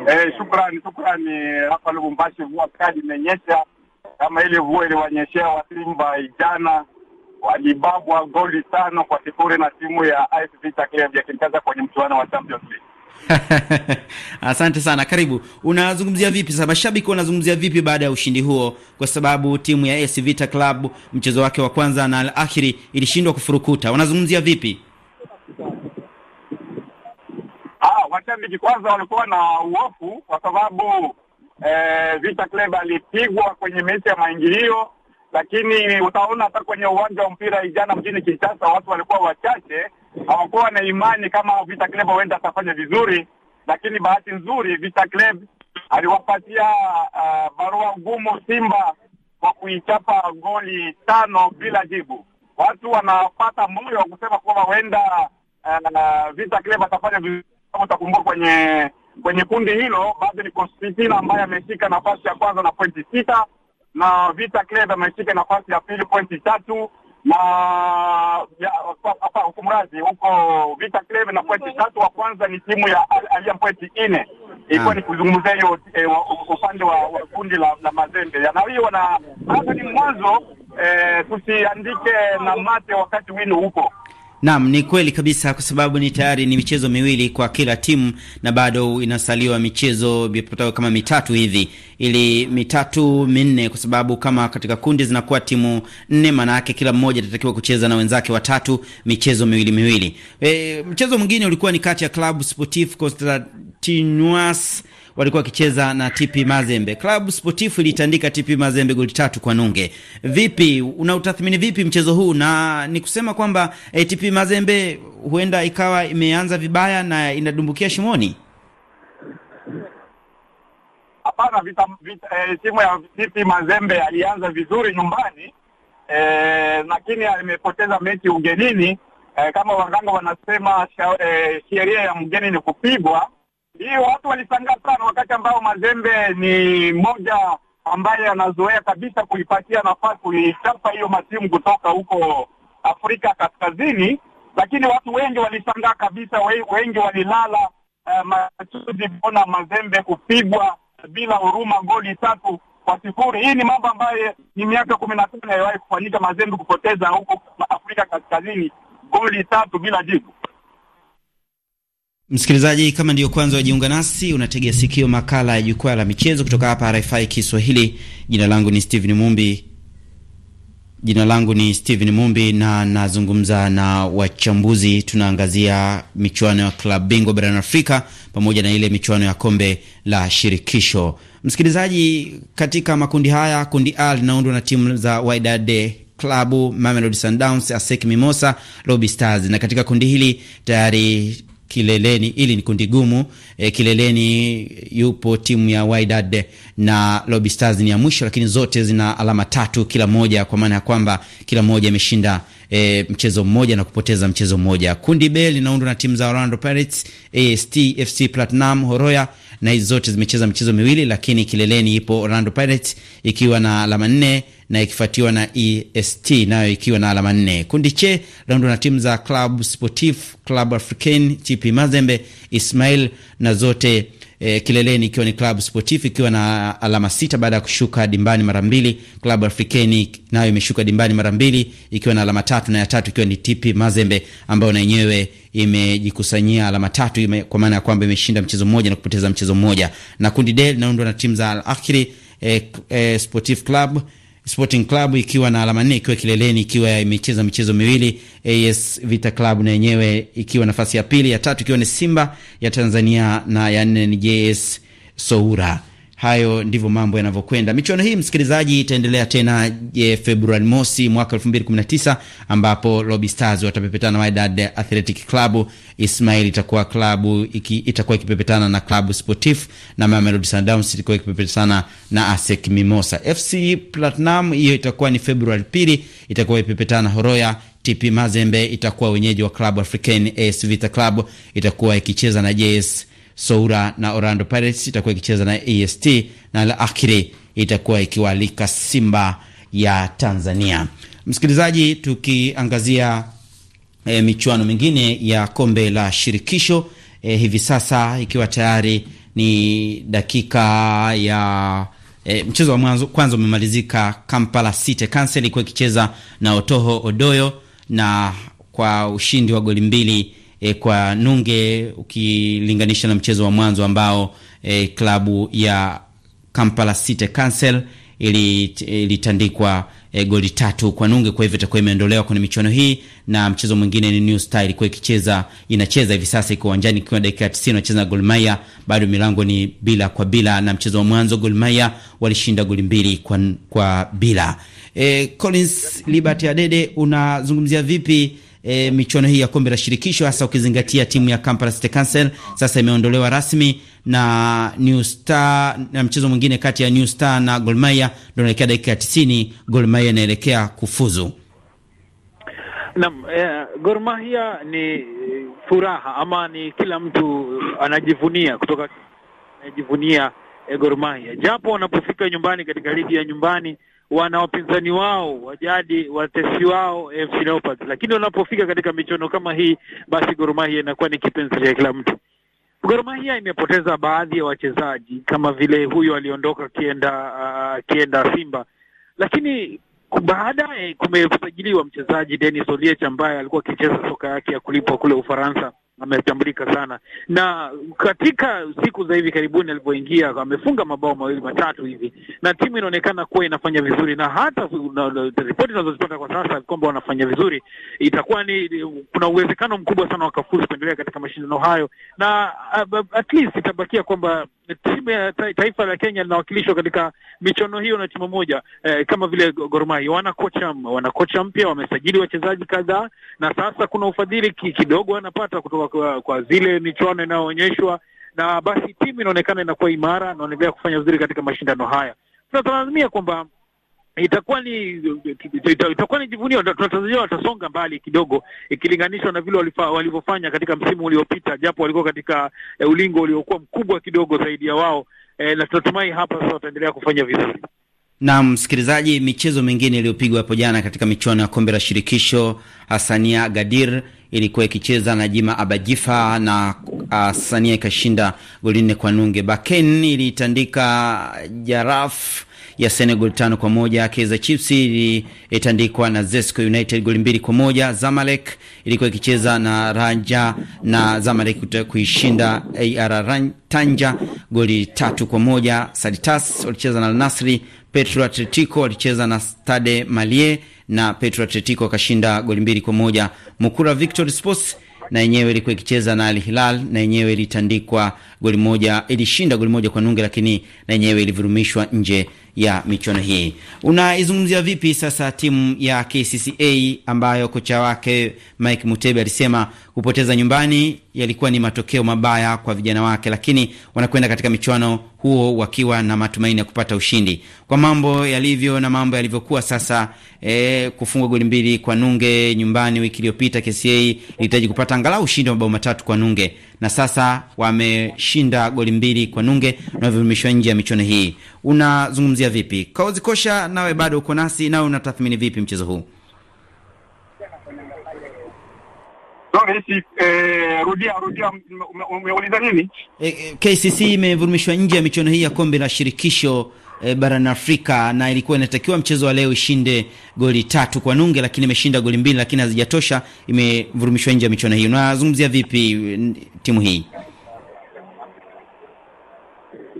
Eh, shukrani shukrani. Hapa Lubumbashi vua kali imenyesha kama ile mvua iliwanyeshea Simba jana, walibabwa goli tano kwa sifuri na timu ya AS Vita Club ya Kinshasa kwenye mchuano wa Champions League. Asante sana, karibu. Unazungumzia vipi sasa, mashabiki wanazungumzia vipi baada ya ushindi huo, kwa sababu timu ya AS Vita Club mchezo wake wa kwanza na alakhiri ilishindwa kufurukuta, wanazungumzia vipi? Ah, mashabiki kwanza walikuwa na uofu kwa sababu eh, Vita Club alipigwa kwenye mechi ya maingilio, lakini utaona hata kwenye uwanja wa mpira ijana mjini Kinshasa watu walikuwa wachache hawakuwa na imani kama Vita Club huenda atafanya vizuri, lakini bahati nzuri Vita Club aliwapatia uh, barua ngumu Simba kwa kuichapa goli tano bila jibu. Watu wanapata moyo wa kusema kuwa huenda uh, Vita Club atafanya vizuri. Utakumbuka kwenye kwenye kundi hilo bado ni Constantine ambaye ameshika nafasi ya kwanza na pointi sita na Vita Club ameshika nafasi ya pili pointi tatu na kumradhi, huko Vita Club na pointi tatu, wa kwanza ni timu ya Alia pointi nne. Ilikuwa ah. ni kuzungumzia hiyo eh, upande wa kundi la Mazembe, na hiyo wana hata ni mwanzo, eh, tusiandike na mate wakati wino huko Naam, ni kweli kabisa, kwa sababu ni tayari ni michezo miwili kwa kila timu na bado inasaliwa michezo vipatao kama mitatu hivi, ili mitatu minne, kwa sababu kama katika kundi zinakuwa timu nne, maana yake kila mmoja atatakiwa kucheza na wenzake watatu michezo miwili miwili. E, mchezo mwingine ulikuwa ni kati ya Club Sportif Constantinois walikuwa wakicheza na TP Mazembe. Klabu Sportifu ilitandika TP Mazembe goli tatu kwa nunge. Vipi, utathmini vipi mchezo huu? Na ni kusema kwamba eh, TP Mazembe huenda ikawa imeanza vibaya na inadumbukia shimoni. Hapana, vita, vita, eh, timu ya TP Mazembe alianza vizuri nyumbani eh, lakini amepoteza mechi ugenini eh, kama waganga wanasema eh, sheria ya mgeni ni kupigwa hiyo watu walishangaa sana wakati ambao Mazembe ni mmoja ambaye anazoea kabisa kuipatia nafasi kuichapa hiyo matimu kutoka huko Afrika Kaskazini, lakini watu wengi walishangaa kabisa, wengi walilala uh, eh, machozi kuona Mazembe kupigwa bila huruma goli tatu kwa sifuri. Hii ni mambo ambayo ni miaka kumi na tano yaliwahi kufanyika, Mazembe kupoteza huko Afrika Kaskazini goli tatu bila jibu. Msikilizaji, kama ndiyo kwanza wajiunga nasi, unategea sikio makala ya jukwaa la michezo kutoka hapa RFI Kiswahili. Jina langu ni Steven Mumbi, jina langu ni Steven Mumbi na nazungumza na wachambuzi. Tunaangazia michuano ya klabu bingwa barani Afrika pamoja na ile michuano ya kombe la shirikisho. Msikilizaji, katika makundi haya, kundi A linaundwa na timu za Wydad klabu Mamelodi Sundowns, ASEC Mimosa, Lobi Stars, na katika kundi hili tayari kileleni, ili ni kundi gumu e, kileleni yupo timu ya Wydad na Lobi Stars ni ya mwisho, lakini zote zina alama tatu kila moja, kwa maana ya kwamba kila moja imeshinda e, mchezo mmoja na kupoteza mchezo mmoja. Kundi B linaundwa na timu za Orlando Pirates, AST, FC Platinum, Horoya na hizi zote zimecheza michezo miwili, lakini kileleni ipo Orlando Pirates ikiwa na alama nne na ikifuatiwa na EST nayo ikiwa na alama nne. Kundi che laundwa na timu za Club Sportif, Club Africain, TP Mazembe, Ismail na zote E, kileleni ikiwa ni Club Sportif ikiwa na alama sita baada ya kushuka dimbani mara mbili. Club Africain nayo imeshuka dimbani mara mbili ikiwa na alama tatu, na ya tatu ikiwa ni TP Mazembe ambayo na yenyewe imejikusanyia alama tatu ime, kwa maana ya kwamba imeshinda mchezo mmoja na kupoteza mchezo mmoja. Na kundi D linaundwa na timu za Al Ahly, e, eh, e, eh, Sportif Club Sporting Club ikiwa na alama nne ikiwa kileleni ikiwa imecheza michezo miwili. AS Vita Club na yenyewe ikiwa nafasi ya pili, ya tatu ikiwa ni Simba ya Tanzania na ya nne ni JS Soura. Hayo ndivyo mambo yanavyokwenda. Michuano hii msikilizaji, itaendelea tena e, Februari mosi mwaka 219 ambapo Lobi Stars watapepetana Wydad Athletic Club, Ismail itakuwa klabu iki, itakuwa ikipepetana na Klabu Sportif na Mamelodi Sundowns itakuwa ikipepetana na ASEC Mimosa. FC Platinum hiyo itakuwa ni Februari pili, itakuwa ikipepetana Horoya. TP Mazembe itakuwa wenyeji wa klabu African. AS Vita Club itakuwa ikicheza na JS Soura na Orlando Pirates itakuwa ikicheza na AST na Al Ahly itakuwa ikiwaalika Simba ya Tanzania. Msikilizaji, tukiangazia e, michuano mingine ya kombe la shirikisho e, hivi sasa ikiwa tayari ni dakika ya e, mchezo wa mwanzo kwanza umemalizika. Kampala City Council ilikuwa ikicheza na Otoho Odoyo na kwa ushindi wa goli mbili e, kwa nunge ukilinganisha na mchezo wa mwanzo ambao e, klabu ya Kampala City Council eh, ilitandikwa ili e, goli tatu kwa nunge. Kwa hivyo itakuwa imeondolewa kwenye michuano hii, na mchezo mwingine ni New Star ilikuwa ikicheza inacheza hivi sasa, iko uwanjani ikiwa dakika 90 inacheza na Golmaya, bado milango ni bila kwa bila, na mchezo wa mwanzo Golmaya walishinda goli mbili kwa, kwa bila. E, Collins Liberty Adede, unazungumzia vipi e, michuano hii ya kombe la shirikisho, hasa ukizingatia timu ya Kampala City Council sasa imeondolewa rasmi na New Star, na mchezo mwingine kati ya New Star na Gor Mahia ndio unaelekea dakika ya 90. Gor Mahia inaelekea kufuzu. Naam, eh, Gor Mahia ni furaha ama ni kila mtu anajivunia kutoka anajivunia eh, Gor Mahia japo wanapofika nyumbani katika ligi ya nyumbani wana wapinzani wao wajadi watesi wao FC Leopards, lakini wanapofika katika michuano kama hii, basi Gor Mahia inakuwa ni kipenzi cha kila mtu. Gor Mahia imepoteza baadhi ya wachezaji kama vile huyu aliondoka akienda uh, kienda Simba, lakini baadaye kumesajiliwa mchezaji Denis Oliech ambaye alikuwa akicheza soka yake ya kulipwa kule Ufaransa ametambulika sana, na katika siku za hivi karibuni alivyoingia amefunga mabao mawili matatu hivi, na timu inaonekana kuwa inafanya vizuri, na hata ripoti tunazozipata kwa sasa kwamba wanafanya vizuri, itakuwa ni kuna uwezekano mkubwa sana wakafuzu kuendelea katika mashindano hayo, na uh, at least itabakia kwamba timu ya taifa la Kenya linawakilishwa katika michuano hiyo na timu moja eh, kama vile Gor Mahia wana kocha wana kocha mpya, wamesajili wachezaji kadhaa, na sasa kuna ufadhili kidogo wanapata kutoka kwa, kwa zile michuano inayoonyeshwa na basi timu inaonekana inakuwa imara, inaendelea kufanya vizuri katika mashindano haya. Tunatazamia kwamba itakuwa ni ita, itakuwa ni jivunio. Tunatazamia watasonga mbali kidogo ikilinganishwa na vile walivyofanya katika msimu uliopita, japo walikuwa katika e, ulingo uliokuwa mkubwa kidogo zaidi ya wao e, na tunatumai hapa sasa wataendelea kufanya vizuri. Na msikilizaji, michezo mingine iliyopigwa hapo jana katika michuano ya kombe la shirikisho, Hasania Gadir ilikuwa ikicheza na Jima Abajifa na ah, Hasania ikashinda goli nne kwa nunge. Baken ilitandika Jaraf ya Senegal tano kwa moja. Kaizer Chiefs ilitandikwa na Zesco United goli mbili kwa moja. Zamalek ilikuwa ikicheza na Ranja na Zamalek kuishinda AR Tanja goli tatu kwa moja. Saditas walicheza na Al Nassr. Petro Atletico walicheza na Stade Malie na Petro Atletico wakashinda goli mbili kwa moja. Mukura Victory Sports na yenyewe ilikuwa ikicheza na Al Hilal na yenyewe ilitandikwa goli moja, ilishinda goli moja kwa nunge, lakini na yenyewe ilivurumishwa nje ya michuano hii. Unaizungumzia vipi sasa timu ya KCCA ambayo kocha wake Mike mutebi alisema kupoteza nyumbani yalikuwa ni matokeo mabaya kwa vijana wake, lakini wanakwenda katika michuano huo wakiwa na matumaini ya kupata ushindi. Kwa mambo yalivyo na mambo yalivyokuwa sasa, e, eh, kufungwa goli mbili kwa nunge nyumbani wiki iliyopita, KCCA ilihitaji kupata angalau ushindi wa mabao matatu kwa nunge na sasa wameshinda goli mbili kwa nunge na wamevurumishwa nje ya michuano hii. Unazungumzia vipi Kaozi Kosha? Nawe bado uko nasi, nawe unatathmini vipi mchezo huu? Eh, rudia rudia, umeuliza nini? Eh, eh, KCC imevurumishwa nje ya michuano hii ya kombe la shirikisho e, barani Afrika na ilikuwa inatakiwa mchezo wa leo ishinde goli tatu kwa nunge, lakini imeshinda goli mbili, lakini hazijatosha, imevurumishwa nje ya michuano hii. Unazungumzia vipi timu hii?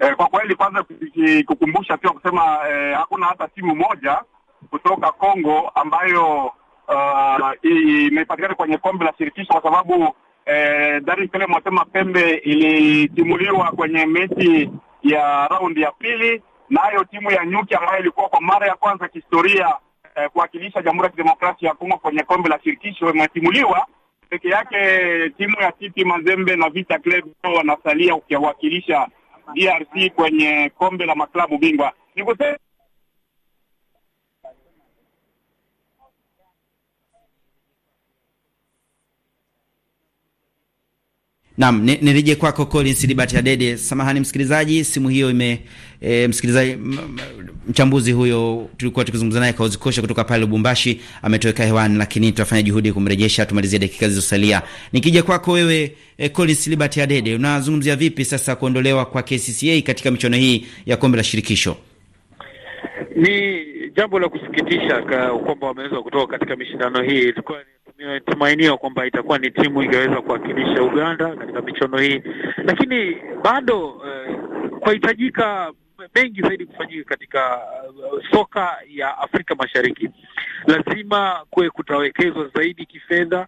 E, kwa kweli kwanza kukumbusha pia kusema e, hakuna hata timu moja kutoka Kongo ambayo uh, imepatikana kwenye kombe la shirikisho kwa sababu eh, Dar es Salaam Motema Pembe ilitimuliwa kwenye mechi ya raundi ya pili nayo timu ya nyuki ambayo ilikuwa kwa mara ya kwanza kihistoria eh, kuwakilisha Jamhuri ya Kidemokrasia ya Kongo kwenye kombe la shirikisho imetimuliwa. Peke yake timu ya TP Mazembe na Vita Club wanasalia ukiwakilisha DRC kwenye kombe la maklabu bingwa. Nikusema Naam, nirije kwako Collins Liberty Adede. Samahani msikilizaji, simu hiyo ime e, msikilizaji mchambuzi huyo tulikuwa tukizungumza naye Kaozi Kosha kutoka pale Lubumbashi ametoweka hewani, lakini tutafanya juhudi kumrejesha, tumalizie dakika zilizosalia. Nikija kwako wewe e, Collins Liberty Adede, unazungumzia vipi sasa kuondolewa kwa KCCA katika michuano hii ya kombe la shirikisho? Ni jambo la kusikitisha kwamba wameweza kutoka katika mishindano hii, ilikuwa ni tumainio kwamba itakuwa ni timu ingeweza kuwakilisha Uganda katika michuano hii, lakini bado eh, kwahitajika mengi zaidi kufanyika katika uh, soka ya Afrika Mashariki. Lazima kuwe kutawekezwa zaidi kifedha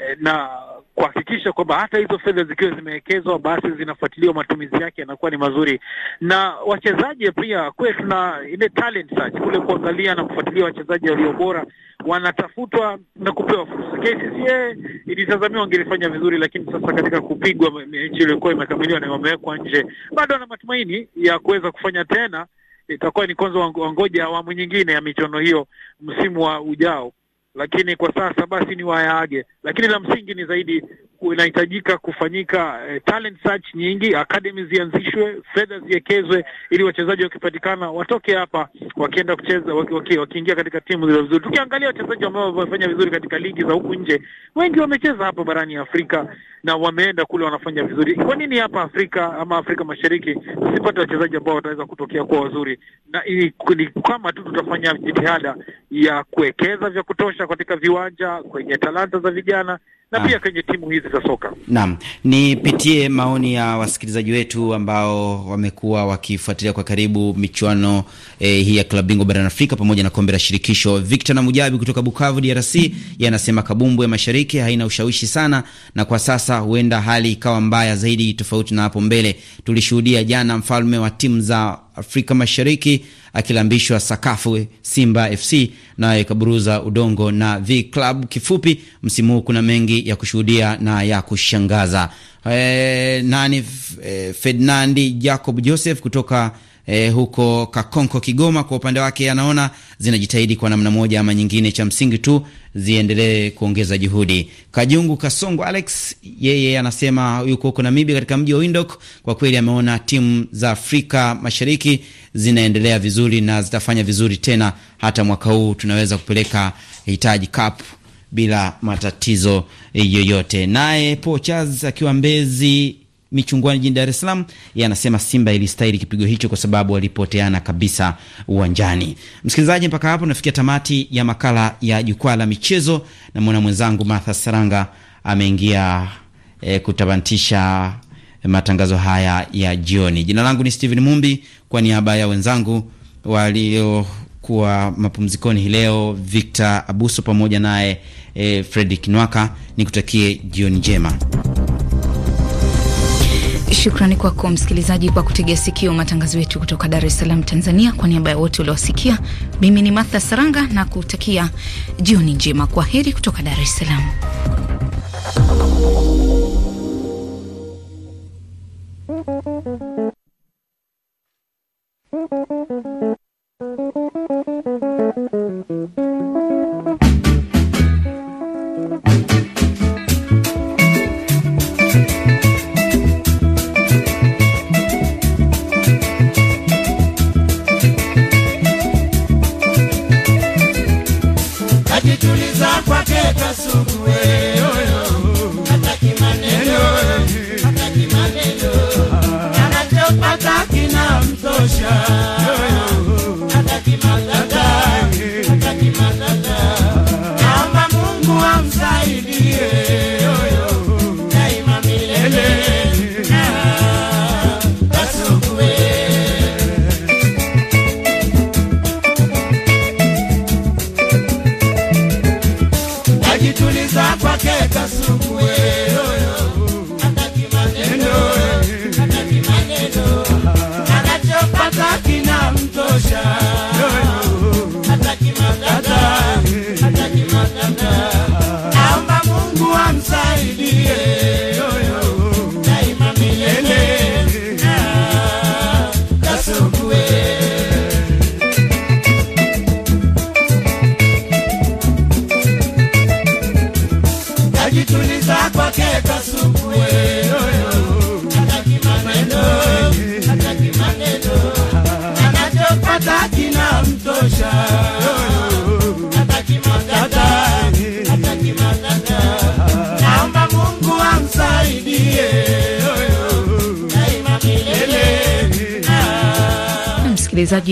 Eh, na kuhakikisha kwamba hata hizo fedha zikiwa zimewekezwa basi zinafuatiliwa, matumizi yake yanakuwa ni mazuri. Na wachezaji pia kwe, tuna ile talent search kule kuangalia na kufuatilia wachezaji walio bora wanatafutwa na kupewa fursa. KCCA ilitazamiwa wangelifanya vizuri, lakini sasa katika kupigwa mechi iliyokuwa imekamiliwa na wamewekwa nje, bado ana matumaini ya kuweza kufanya tena. Itakuwa ni kwanza wangoja awamu nyingine ya michuano hiyo msimu wa ujao lakini kwa sasa basi ni wayaage, lakini la msingi ni zaidi inahitajika kufanyika eh, talent search nyingi, academy zianzishwe, fedha ziwekezwe, ili wachezaji wakipatikana watoke hapa wakienda kucheza waki, waki, katika timu zile vizuri. Tukiangalia wachezaji ambao wamefanya vizuri katika ligi za huku nje, wengi wamecheza hapa barani Afrika na wameenda kule wanafanya vizuri. Kwa nini hapa Afrika ama Afrika Mashariki tusipate wachezaji ambao wataweza kutokea kuwa wazuri? Na ni kama tu tutafanya jitihada ya kuwekeza vya kutosha katika viwanja, kwenye talanta za vijana na pia kwenye timu hizi za soka. Naam, nipitie maoni ya wasikilizaji wetu ambao wamekuwa wakifuatilia kwa karibu michuano eh, hii ya klabu bingwa barani Afrika pamoja na kombe la shirikisho. Victor na Mujabi kutoka Bukavu DRC, yanasema kabumbu ya mashariki haina ushawishi sana, na kwa sasa huenda hali ikawa mbaya zaidi, tofauti na hapo mbele. Tulishuhudia jana mfalme wa timu za Afrika Mashariki akilambishwa sakafu Simba FC nayo ikaburuza udongo na V Club. Kifupi, msimu huu kuna mengi ya kushuhudia na ya kushangaza. E, nani e, eh, Ferdinandi Jacob Joseph kutoka eh, huko Kakonko Kigoma, kwa upande wake anaona zinajitahidi kwa namna moja ama nyingine, cha msingi tu ziendelee kuongeza juhudi. Kajungu Kasongo Alex yeye anasema yuko huko Namibia, katika mji wa Windhoek. Kwa kweli ameona timu za Afrika Mashariki zinaendelea vizuri na zitafanya vizuri tena, hata mwaka huu tunaweza kupeleka hitaji cup bila matatizo yoyote. Naye Pochaz akiwa Mbezi Michungwani jijini Dar es Salaam, yeye anasema Simba ilistahili kipigo hicho kwa sababu walipoteana kabisa uwanjani. Msikilizaji, mpaka hapo nafikia tamati ya makala ya jukwaa la michezo, na mwana mwenzangu Martha Saranga ameingia e, eh, kutabantisha matangazo haya ya jioni. Jina langu ni Steven Mumbi, kwa niaba ya wenzangu waliokuwa mapumzikoni hii leo, Victor Abuso pamoja naye e, Fredrick Nwaka, nikutakie jioni njema. Shukrani kwako msikilizaji kwa kutegea sikio matangazo yetu kutoka Dar es Salaam, Tanzania. Kwa niaba ya wote uliowasikia, mimi ni Martha Saranga na kutakia jioni njema. Kwa heri kutoka Dar es Salaam.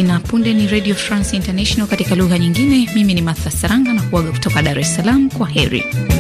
na punde. Ni Radio France International katika lugha nyingine. Mimi ni Martha Saranga na kuaga kutoka Dar es Salaam. Kwa heri.